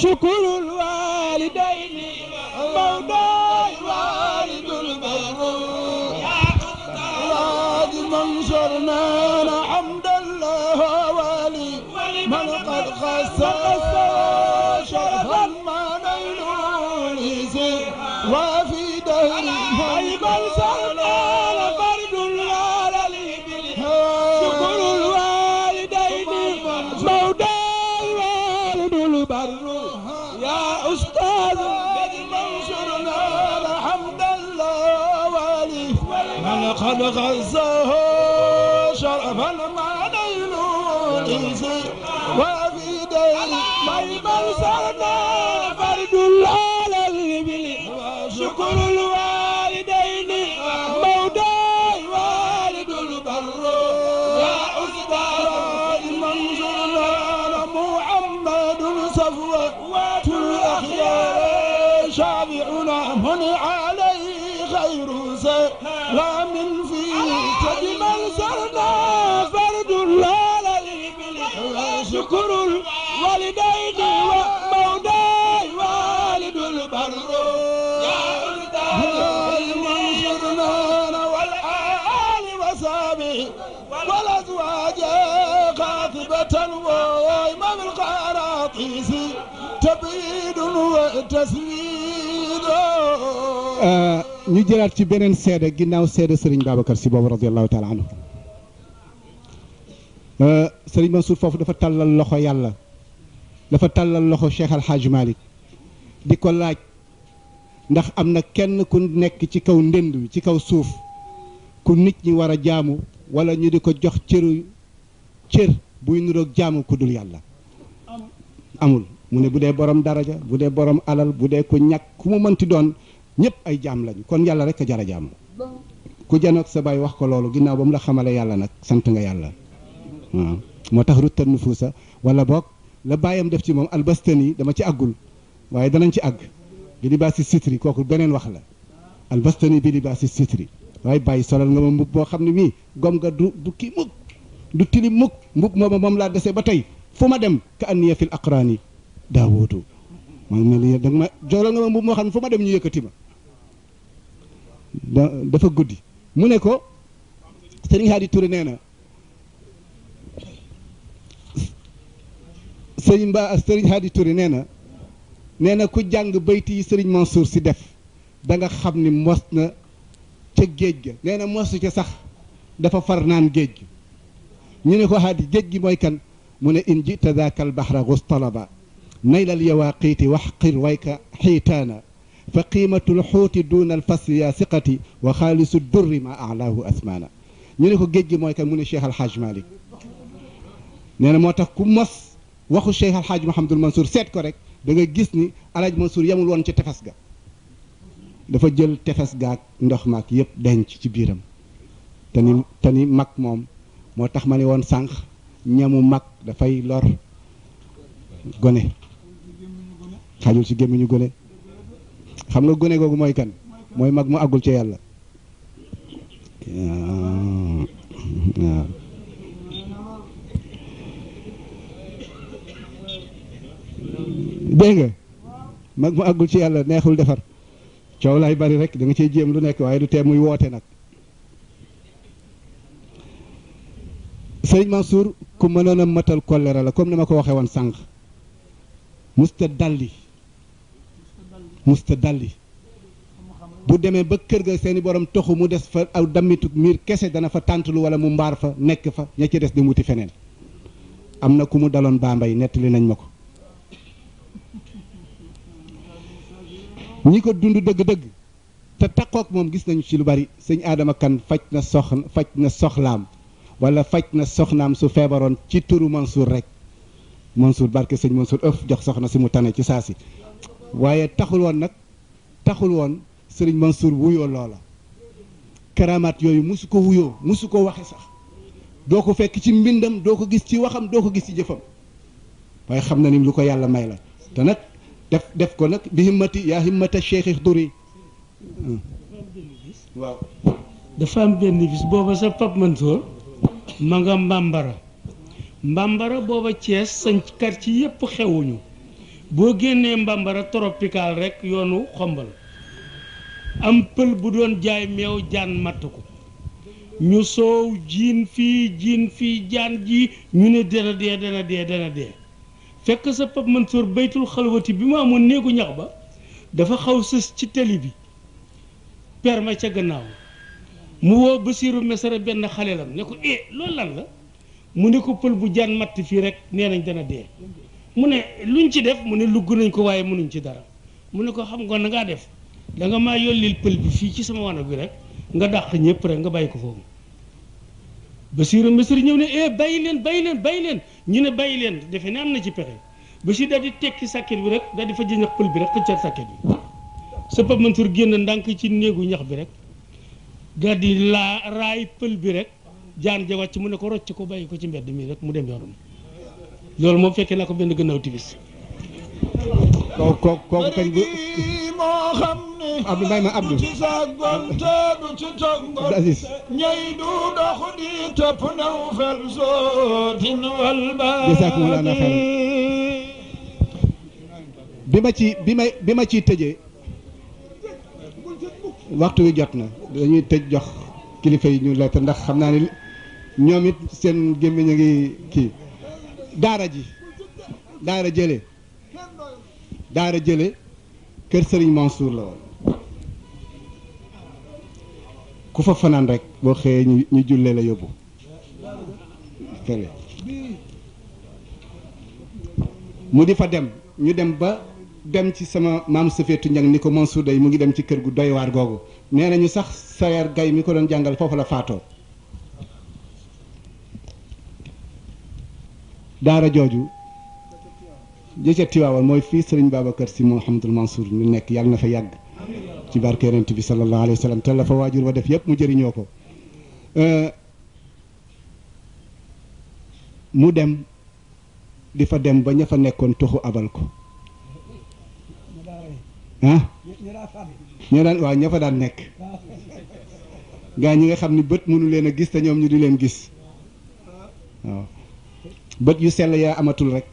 شكر Sache Euh, ñu jëlaat ci beneen seede ginnaaw seede Serigne Babacar si boobu radiallahu taala anhu euh, Serigne Mansour foofu dafa tàllal loxo yàlla dafa tàllal loxo Cheikh Al Hadj di ko laaj ndax am na kenn ku nekk ci kaw ndënd wi ci kaw suuf ku nit ñi war a jaamu wala ñu di ko jox cëru cër buy nurook jaamu ku dul yàlla amul mu ne bu dee borom daraja bu dee borom alal bu dee ku ñàkk ku mu mënti doon ñëpp ay jaam lañu kon yàlla rek a jar a jaam ku janoog sa baay wax ko loolu ginnaaw ba mu la xamale yàlla nag sant nga yàlla waaw moo tax ruttan nufuusa wala boog la bàyyam def ci moom albastan yi dama ci àggul waaye danañ ci àgg bi li baa si sitri kooku beneen wax la albastan yi bi li baa si sitri waaye bàyyi solal nga ma mbub boo xam ne mii gom nga du du kii mukk du tili mukk mbub mooma moom laa dese ba tey fu ma dem ka anniya fil aqraani daawootu maa ngi mel ni danga ma joolal nga ma moo xam ne fu ma dem ñu yëkkati ma dafa guddi mu ne ko sëriñ Hadi Touré nee na sëriñ Ba sëriñ Hadi Touré nee na nee na ku jàng bayti yi sëriñ Mansour si def da nga xam ni mos na ca géej ga nee na mosu ca sax dafa far naan géej gi ñu ne ko Hadi géej gi mooy kan mu ne in jita daaka al bahra gus talaba naylal yawaqiiti wax qir wayka xiitaana fa qiimatul xuuti duuna al fasli yaa siqati wa xaalisu durri ma alaahu asmaana ñu ne ko géej gi mooy kan mu ne Cheikh Alhaaj Malick nee moo tax ku mos waxu Cheikh Alhaaj Mouhamadul Mansour seet ko rek da nga gis ni Alhaaj Mansour yemul woon ci tefes ga dafa jël tefes gaag ndox maag yëpp denc ci biiram te ni te ni mag moom moo tax ma ne woon sànq ñamu mag dafay lor gone xajul ci gémmiñu gone xam nga gone googu mooy kan mooy mag mu àggul ci yàlla dégg nga mag mu àggul ci neexul defar coow laay bari rek danga nga jéem lu nekk waaye du tee muy woote nag Sëriñ Mansour ku mënoon a matal kolera la comme ni ma ko waxee woon sànq musta dalli musta dalli bu demee ba kër ga seeni borom toxu mu des fa aw dammitu miir kese dana fa tàntalu wala mu mbaar fa nekk fa ña ci des di wuti feneen am na ku mu daloon Bambey nettali nañ ma ko ñi ko dund dëgg-dëgg te takkook moom gis nañu ci lu bari sëñ Adama Kan faj na soxna faj na soxlaam wala faj na soxnaam su feebaroon ci turu Mansour rek Mansour barke sëñ Mansour ëf jox soxna si mu tane ci saa si waaye taxul woon nag taxul woon Serigne Mansour wuyoo loola karaamaat yooyu musu ko wuyoo musu ko waxee sax doo ko fekk ci mbindam doo ko gis ci waxam doo ko gis ci jëfam waaye xam na ni lu ko yàlla may la te nag def def ko nag bi himmati yaa himmata cheikh duri dafa am benn bis booba sa Pape Mansour ma nga mbambara mbambara booba Thiès sañ quartier yépp xewuñu boo génnee mbambara tropical rekk yoonu xombal am pël bu doon jaay meew jaan matt ko ñu soow jiin fii jiin fii jaan ji ñu ne dana dee dana dee dana dee fekk sa pap baytul xalwati bi mu amoon néegu ñax ba dafa xaw sës ci tali bi perma ca gannaaw mu woo Basiiru Mesere benn xale lam ne eh la mu ne ko pël bu jaan matt fii rek nee nañ dana dee mu ne luñ ci def mu ne lugg nañ ko waaye mënuñ ci dara mu ne ko xam nga nangaa def danga nga maa yollil pël bi fii ci sama wanag bi rek nga dàq ñëpp rek nga bàyyi ko foofu ba sur ñëw ne eh bàyyi leen bàyyi leen bàyyi leen ñu ne bàyyi leen defe ne am na ci pexe Basiiru daal di tekki sàkket bi rek daal di fa jëñax pël bi rek xëccal sàkket bi sa Pape Mansour génn ndànk ci néegu ñax bi rek daal di laa raay pël bi rek jaan ja wàcc mu ne ko rocc ko bàyyi ko ci mbedd mi rek mu dem yoonam loolu moom fekkee naa ko benn gannaaw tibis. kooku kooku kañ bu. Abdou Mbaye ma Abdou. Aziz. jazaakumullaahu xayran bi ma ci bi tëjee waxtu wi jot na dañuy tëj jox kilifa yi ñu la te ndax xam naa ne ñoomit seen gémmiñ a ngi kii. daara ji daara jële daara jële kër sëriñ Mansour la woon ku fa fanaan rek boo xëyee ñu ñu jullee la yóbbu mu di fa dem ñu dem ba dem ci sama maam Safeetu Ñang ni ko Mansour day mu ngi dem ci kër gu doywaar waar googu nee nañu sax sayer gay mi ko doon jàngal foofu la faatoo daara jooju jëca Tiwaawan mooy fii sëriñ Babacar si Mouhamadul Mansour mi nekk yàlla na fa yàgg ci barke yonent bi sallallahu alayhi wa sallam te la fa waajur wa def yëpp mu jëriñoo ko euh, mu dem di fa dem ba ña nekkoon toxu abal ko ah ña daan waaw ña daan nekk gaa ñi nga xam ni bët mënu leen a gis te ñoom ñu di leen gis waaw bët yu sell yaa amatul rek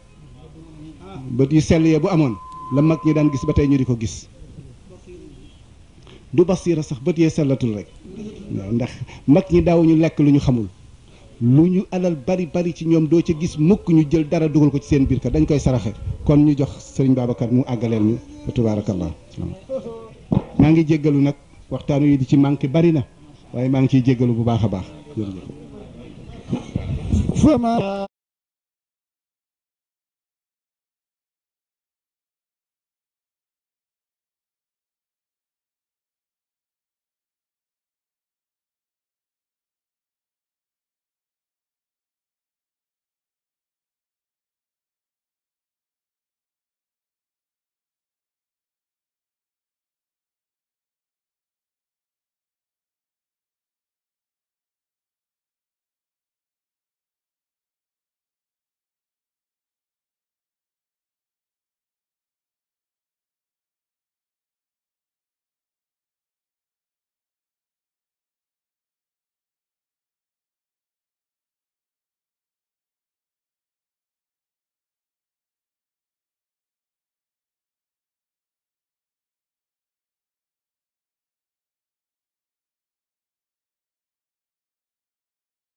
bët yu sell ya bu amoon la mag ñi daan gis ba tey ñu di ko gis du basiira sax bët yee sellatul rek waaw ndax mag ñi daawuñu lekk lu ñu xamul lu ñu alal bari bari ci ñoom doo ca gis mukk ñu jël dara dugal ko ci seen biir ka dañ koy saraxe kon ñu jox sëriñ Babacar mu àggaleel ñu fa tubaarakallah maa ngi jéggalu nag waxtaanu yi di ci manqué bari na waaye maa ngi ciy jéggalu bu baax a baax jërëjëf